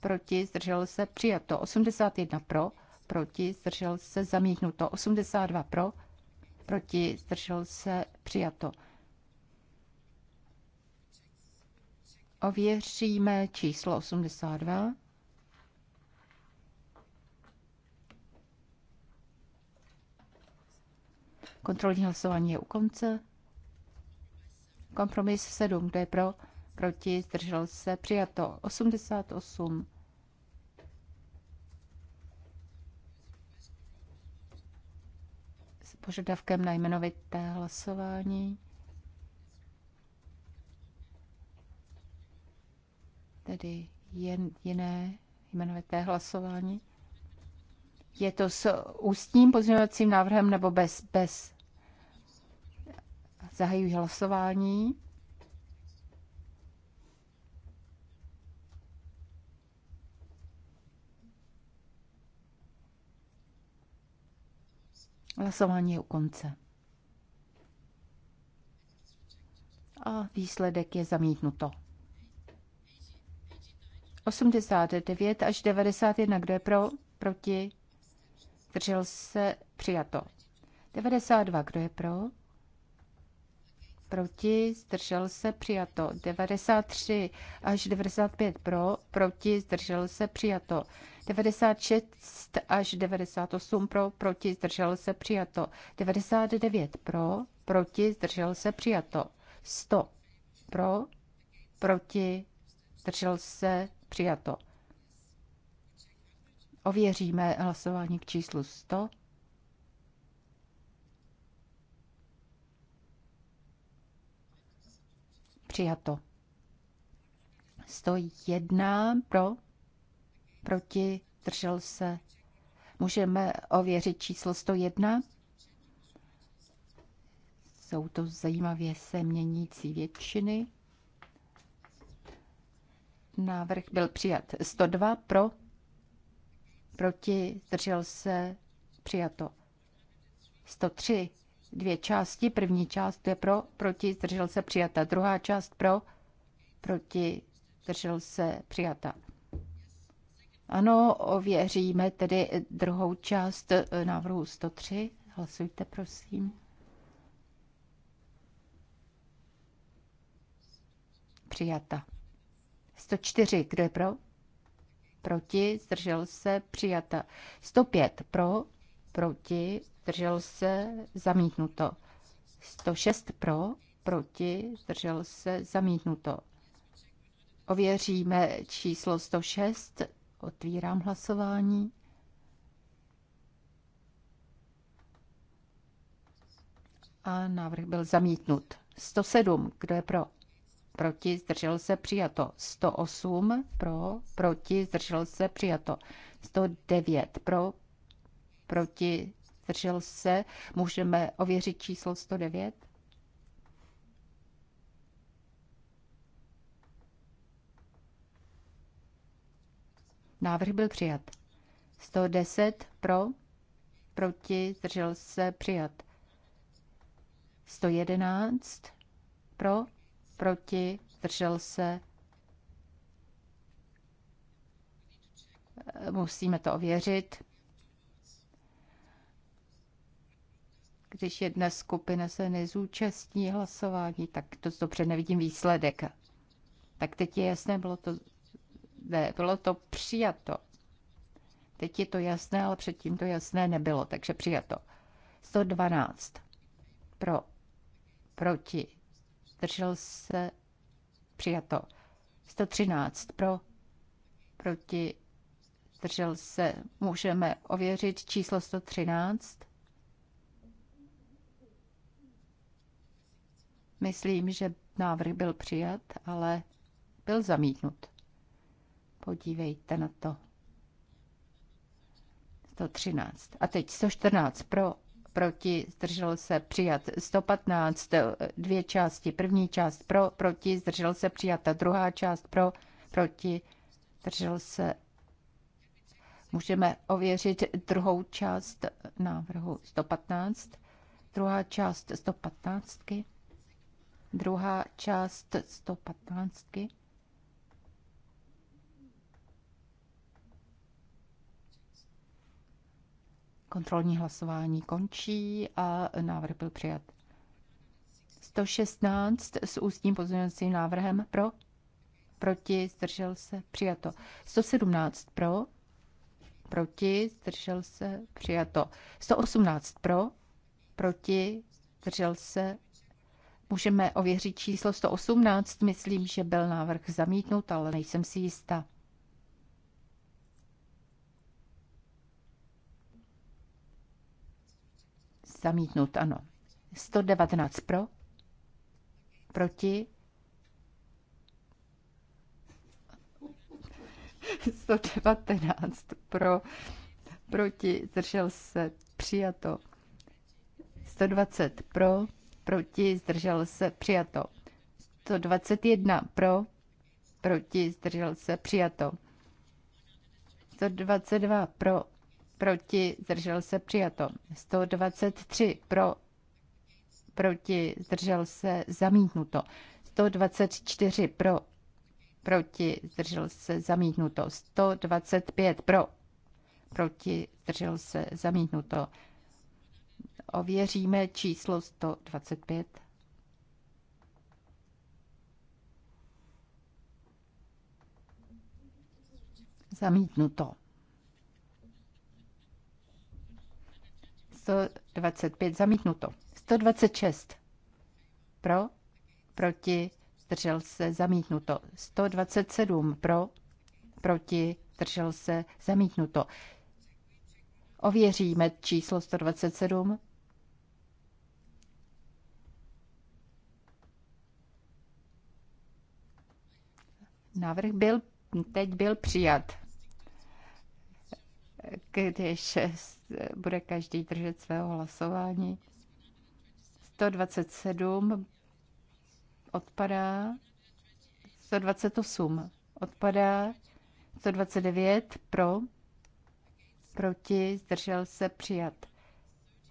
proti, zdržel se, přijato. 81 pro, proti, zdržel se, zamítnuto. 82 pro, proti, zdržel se, přijato. Ověříme číslo 82. Kontrolní hlasování je u konce. Kompromis 7, kdo je pro, proti, zdržel se, přijato 88. S požadavkem na jmenovité hlasování. tedy jen jiné jmenovité hlasování. Je to s ústním pozměňovacím návrhem nebo bez? Bez. Zahajuji hlasování. Hlasování je u konce. A výsledek je zamítnuto. 89 až 91. Kdo je pro? Proti? držel se? Přijato. 92. Kdo je pro? Proti? Zdržel se? Přijato. 93 až 95. Pro? Proti? Zdržel se? Přijato. 96 až 98. Pro? Proti? Zdržel se? Přijato. 99. Pro? Proti? Zdržel se? Přijato. 100. Pro? Proti? Zdržel se? Přijato. Ověříme hlasování k číslu 100. Přijato. 101 pro, proti, držel se. Můžeme ověřit číslo 101? Jsou to zajímavě se měnící většiny. Návrh byl přijat 102 pro, proti, zdržel se, přijato 103. Dvě části, první část je pro, proti, zdržel se, přijata. Druhá část pro, proti, zdržel se, přijata. Ano, ověříme tedy druhou část eh, návrhu 103. Hlasujte, prosím. Přijata. 104, kdo je pro? Proti, zdržel se, přijata. 105 pro, proti, zdržel se, zamítnuto. 106 pro, proti, zdržel se, zamítnuto. Ověříme číslo 106, otvírám hlasování. A návrh byl zamítnut. 107, kdo je pro? proti, zdržel se, přijato. 108 pro, proti, zdržel se, přijato. 109 pro, proti, zdržel se. Můžeme ověřit číslo 109? Návrh byl přijat. 110 pro, proti, zdržel se, přijat. 111 pro, proti, zdržel se. Musíme to ověřit. Když jedna skupina se nezúčastní hlasování, tak to dobře nevidím výsledek. Tak teď je jasné, bylo to, ne, bylo to přijato. Teď je to jasné, ale předtím to jasné nebylo, takže přijato. 112 pro, proti, zdržel se, přijato. 113 pro, proti, zdržel se. Můžeme ověřit číslo 113. Myslím, že návrh byl přijat, ale byl zamítnut. Podívejte na to. 113. A teď 114 pro, proti, zdržel se přijat. 115, dvě části. První část pro, proti, zdržel se přijat. ta druhá část pro, proti, zdržel se. Můžeme ověřit druhou část návrhu 115. Druhá část 115. Druhá část 115. Kontrolní hlasování končí a návrh byl přijat. 116 s ústním pozměňovacím návrhem pro, proti, zdržel se, přijato. 117 pro, proti, zdržel se, přijato. 118 pro, proti, zdržel se, Můžeme ověřit číslo 118, myslím, že byl návrh zamítnut, ale nejsem si jistá. Zamítnut, ano. 119 pro, proti, 119 [laughs] pro, proti, zdržel se, přijato. 120 pro, proti, zdržel se, přijato. 121 pro, proti, zdržel se, přijato. 122 pro, proti, zdržel se přijato. 123 pro, proti, zdržel se zamítnuto. 124 pro, proti, zdržel se zamítnuto. 125 pro, proti, zdržel se zamítnuto. Ověříme číslo 125. Zamítnuto. 125 zamítnuto. 126 pro, proti, držel se zamítnuto. 127 pro, proti, držel se zamítnuto. Ověříme číslo 127. Návrh byl, teď byl přijat když bude každý držet svého hlasování. 127 odpadá, 128 odpadá, 129 pro, proti, zdržel se přijat.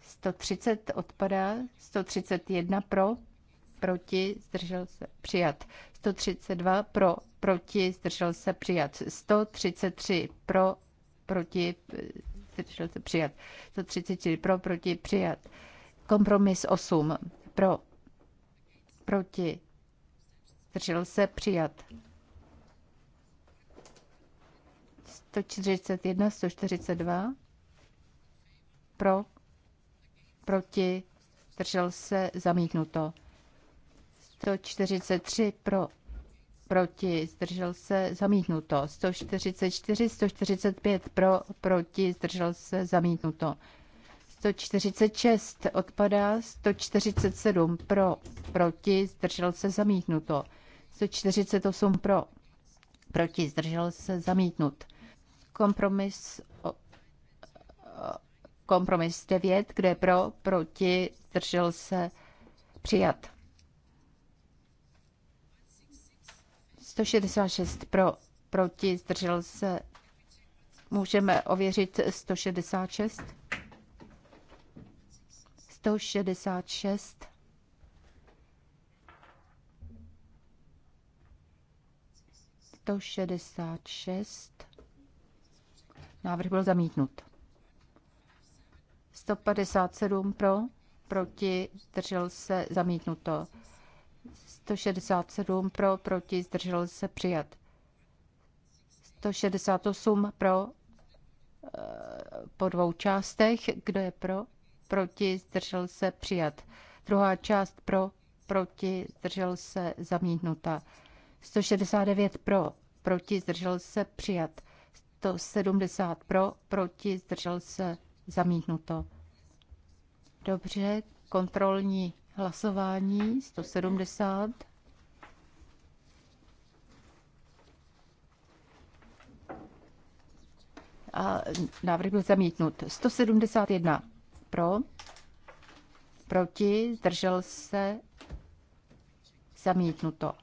130 odpadá, 131 pro, proti, zdržel se přijat. 132 pro, proti, zdržel se přijat. 133 pro, proti, zdržel se přijat. 134 pro, proti, přijat. Kompromis 8 pro, proti, zdržel se přijat. 141, 142 pro, proti, zdržel se zamítnuto. 143 pro, proti, zdržel se, zamítnuto. 144, 145 pro, proti, zdržel se, zamítnuto. 146 odpadá, 147 pro, proti, zdržel se, zamítnuto. 148 pro, proti, zdržel se, zamítnut. Kompromis kompromis 9, kde pro, proti, zdržel se, přijat. 166 pro, proti, zdržel se. Můžeme ověřit 166. 166. Návrh byl zamítnut. 157 pro, proti, držel se, zamítnuto. 167 pro, proti, zdržel se přijat. 168 pro eh, po dvou částech. Kdo je pro? Proti, zdržel se přijat. Druhá část pro, proti, zdržel se zamítnuta. 169 pro, proti, zdržel se přijat. 170 pro, proti, zdržel se zamítnuto. Dobře, kontrolní hlasování 170. A návrh byl zamítnut. 171 pro, proti, zdržel se, zamítnuto.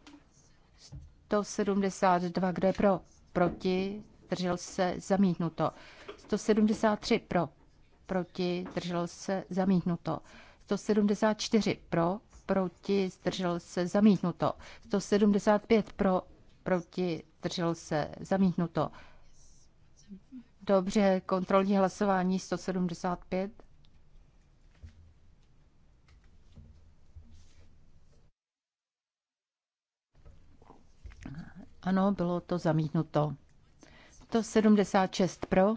172, kdo je pro, proti, zdržel se, zamítnuto. 173 pro, proti, zdržel se, zamítnuto. 174 pro, proti, zdržel se, zamítnuto. 175 pro, proti, zdržel se, zamítnuto. Dobře, kontrolní hlasování 175. Ano, bylo to zamítnuto. 176 pro,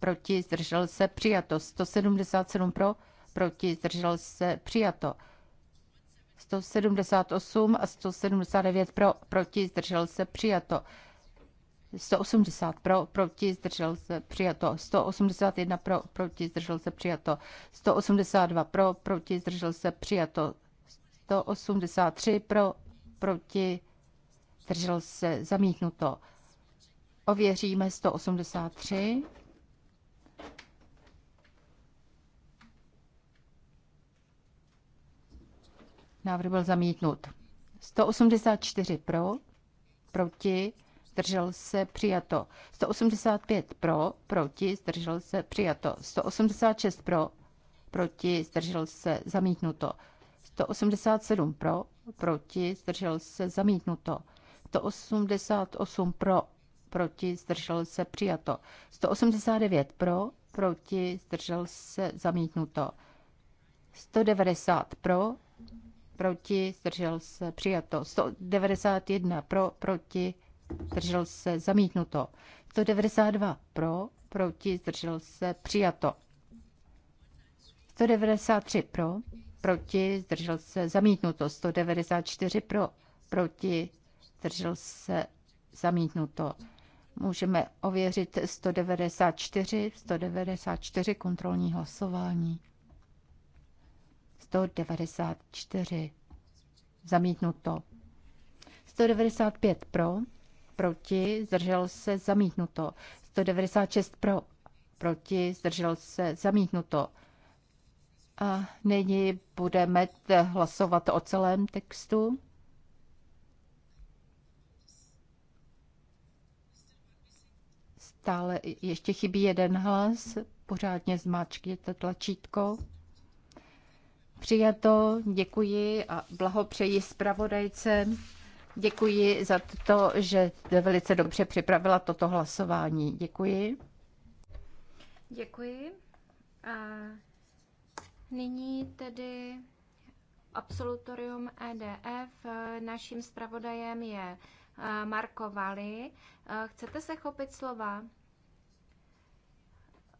proti, zdržel se, přijato. 177 pro, proti, zdržel se, přijato. 178 a 179 pro, proti, zdržel se, přijato. 180 pro, proti, zdržel se, přijato. 181 pro, proti, zdržel se, přijato. 182 pro, proti, zdržel se, přijato. 183 pro, proti, zdržel se, zamítnuto. Ověříme 183. Návrh byl zamítnut. 184 pro, proti, zdržel se, přijato. 185 pro, proti, zdržel se, přijato. 186 pro, proti, zdržel se, zamítnuto. 187 pro, proti, zdržel se, zamítnuto. 188 pro, proti, zdržel se, přijato. 189 pro, proti, zdržel se, zamítnuto. 190 pro, proti, zdržel se, přijato. 191 pro, proti, zdržel se, zamítnuto. 192 pro, proti, zdržel se, přijato. 193 pro, proti, zdržel se, zamítnuto. 194 pro, proti, zdržel se, zamítnuto. Můžeme ověřit 194, 194 kontrolní hlasování. 194. Zamítnuto. 195 pro, proti, zdržel se, zamítnuto. 196 pro, proti, zdržel se, zamítnuto. A nyní budeme hlasovat o celém textu. Stále ještě chybí jeden hlas. Pořádně zmáčkněte tlačítko. Přijato, děkuji a blahopřeji zpravodajce. Děkuji za to, že velice dobře připravila toto hlasování. Děkuji. Děkuji. A nyní tedy absolutorium EDF. Naším zpravodajem je eh, Marko Vali. Eh, chcete se chopit slova?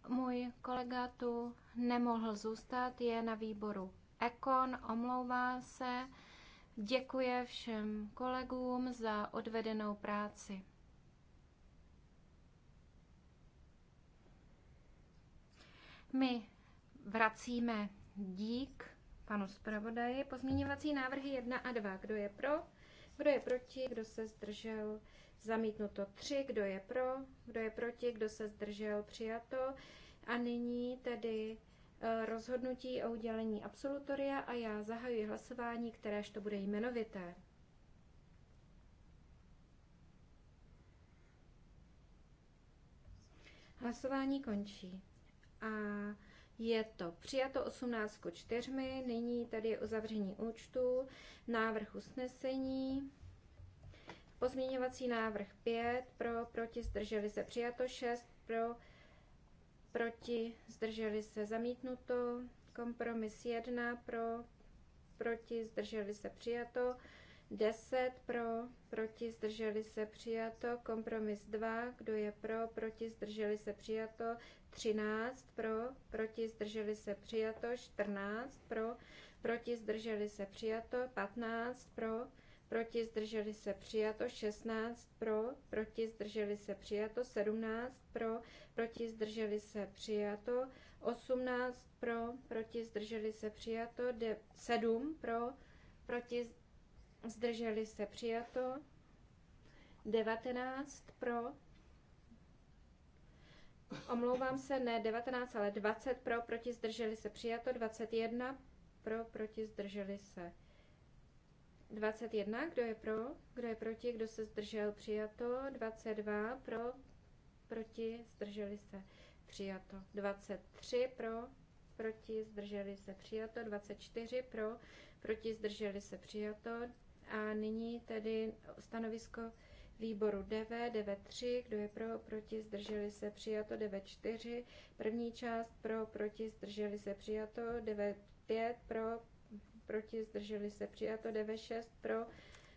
Můj kolega tu nemohl zůstat, je na výboru Ekon, omlouvá se, děkuje všem kolegům za odvedenou práci. My vracíme dík panu zpravodaji. Pozměňovací návrhy 1 a 2. Kdo je pro? Kdo je proti? Kdo se zdržel? Zamítnuto 3. Kdo je pro? Kdo je proti? Kdo se zdržel? Přijato. A nyní tedy Eh, rozhodnutí o udělení absolutoria a já zahajuji hlasování, kteréž to bude jmenovité. Hlasování končí. A je to přijato 18 k 4. Nyní tady je uzavření účtu, návrh usnesení, pozměňovací návrh 5, pro, proti, zdrželi se přijato 6, pro, proti, zdrželi se zamítnuto, kompromis 1 pro, proti, zdrželi se přijato, 10 pro, proti, zdrželi se přijato, kompromis 2, kdo je pro, proti, zdrželi se přijato, 13 pro, proti, zdrželi se přijato, 14 pro, proti, zdrželi se přijato, 15 pro, proti zdrželi se přijato, 16 pro, proti zdrželi se přijato, 17 pro, proti zdrželi se přijato, 18 pro, proti zdrželi se přijato, 7 pro, proti zdrželi se přijato, 19 pro, omlouvám se, ne 19, ale 20 pro, proti zdrželi se přijato, 21 pro, proti zdrželi se 21, kdo je pro, kdo je proti, kdo se zdržel, přijato. 22, pro, proti, zdrželi se, přijato. 23, pro, proti, zdrželi se, přijato. 24, pro, proti, zdrželi se, přijato. A nyní tedy stanovisko výboru DV, DV3, kdo je pro, proti, zdrželi se, přijato, DV4, první část pro, proti, zdrželi se, přijato, DV5, pro, proti, zdrželi se přijato, 96 pro,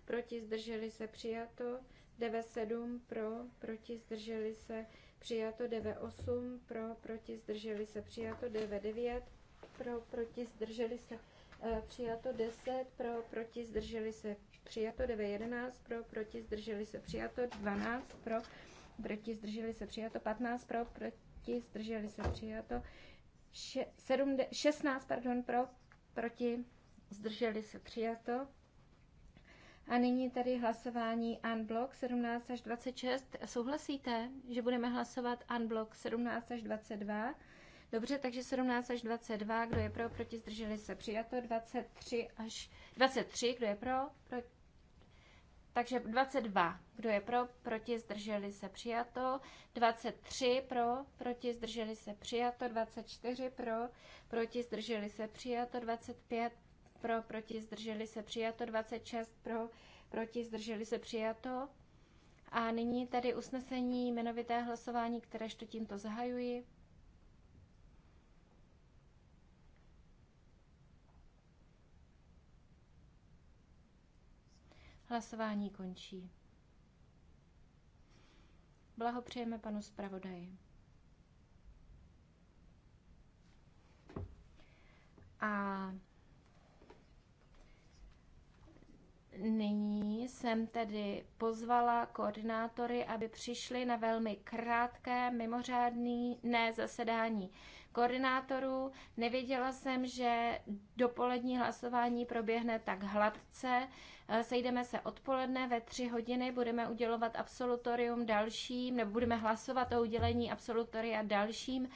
proti, zdrželi se přijato, 97 pro, proti, zdrželi se přijato, 98 pro, proti, zdrželi se přijato, 99 eh, pro, proti, zdrželi se přijato 10, pro, proti, zdrželi se přijato 9,11 pro, proti, zdrželi se přijato 12, pro, proti, zdrželi se přijato 15, pro, proti, zdrželi se přijato 16, pardon, pro, proti, zdrželi se přijato. A nyní tady hlasování unblock 17 až 26. Souhlasíte, že budeme hlasovat unblock 17 až 22? Dobře, takže 17 až 22, kdo je pro, proti, zdrželi se přijato, 23 až 23, kdo je pro, pro takže 22, kdo je pro, proti, zdrželi se přijato, 23 pro, proti, zdrželi se přijato, 24 pro, proti, zdrželi se přijato, 25 pro, proti, zdrželi se přijato, 26 pro, proti, zdrželi se přijato. A nyní tady usnesení jmenovité hlasování, kteréž to tímto zahajuji. Hlasování končí. Blahopřejeme panu zpravodaji. A Nyní jsem tedy pozvala koordinátory, aby přišli na velmi krátké mimořádné zasedání koordinátorů. Nevěděla jsem, že dopolední hlasování proběhne tak hladce. Eh, sejdeme se odpoledne ve tři hodiny, budeme udělovat absolutorium dalším, nebo budeme hlasovat o udělení absolutoria dalším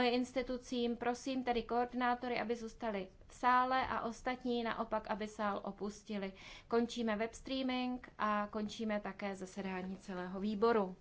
institucím. Prosím tedy koordinátory, aby zůstali v sále a ostatní naopak, aby sál opustili. Končíme web streaming a končíme také zasedání celého výboru.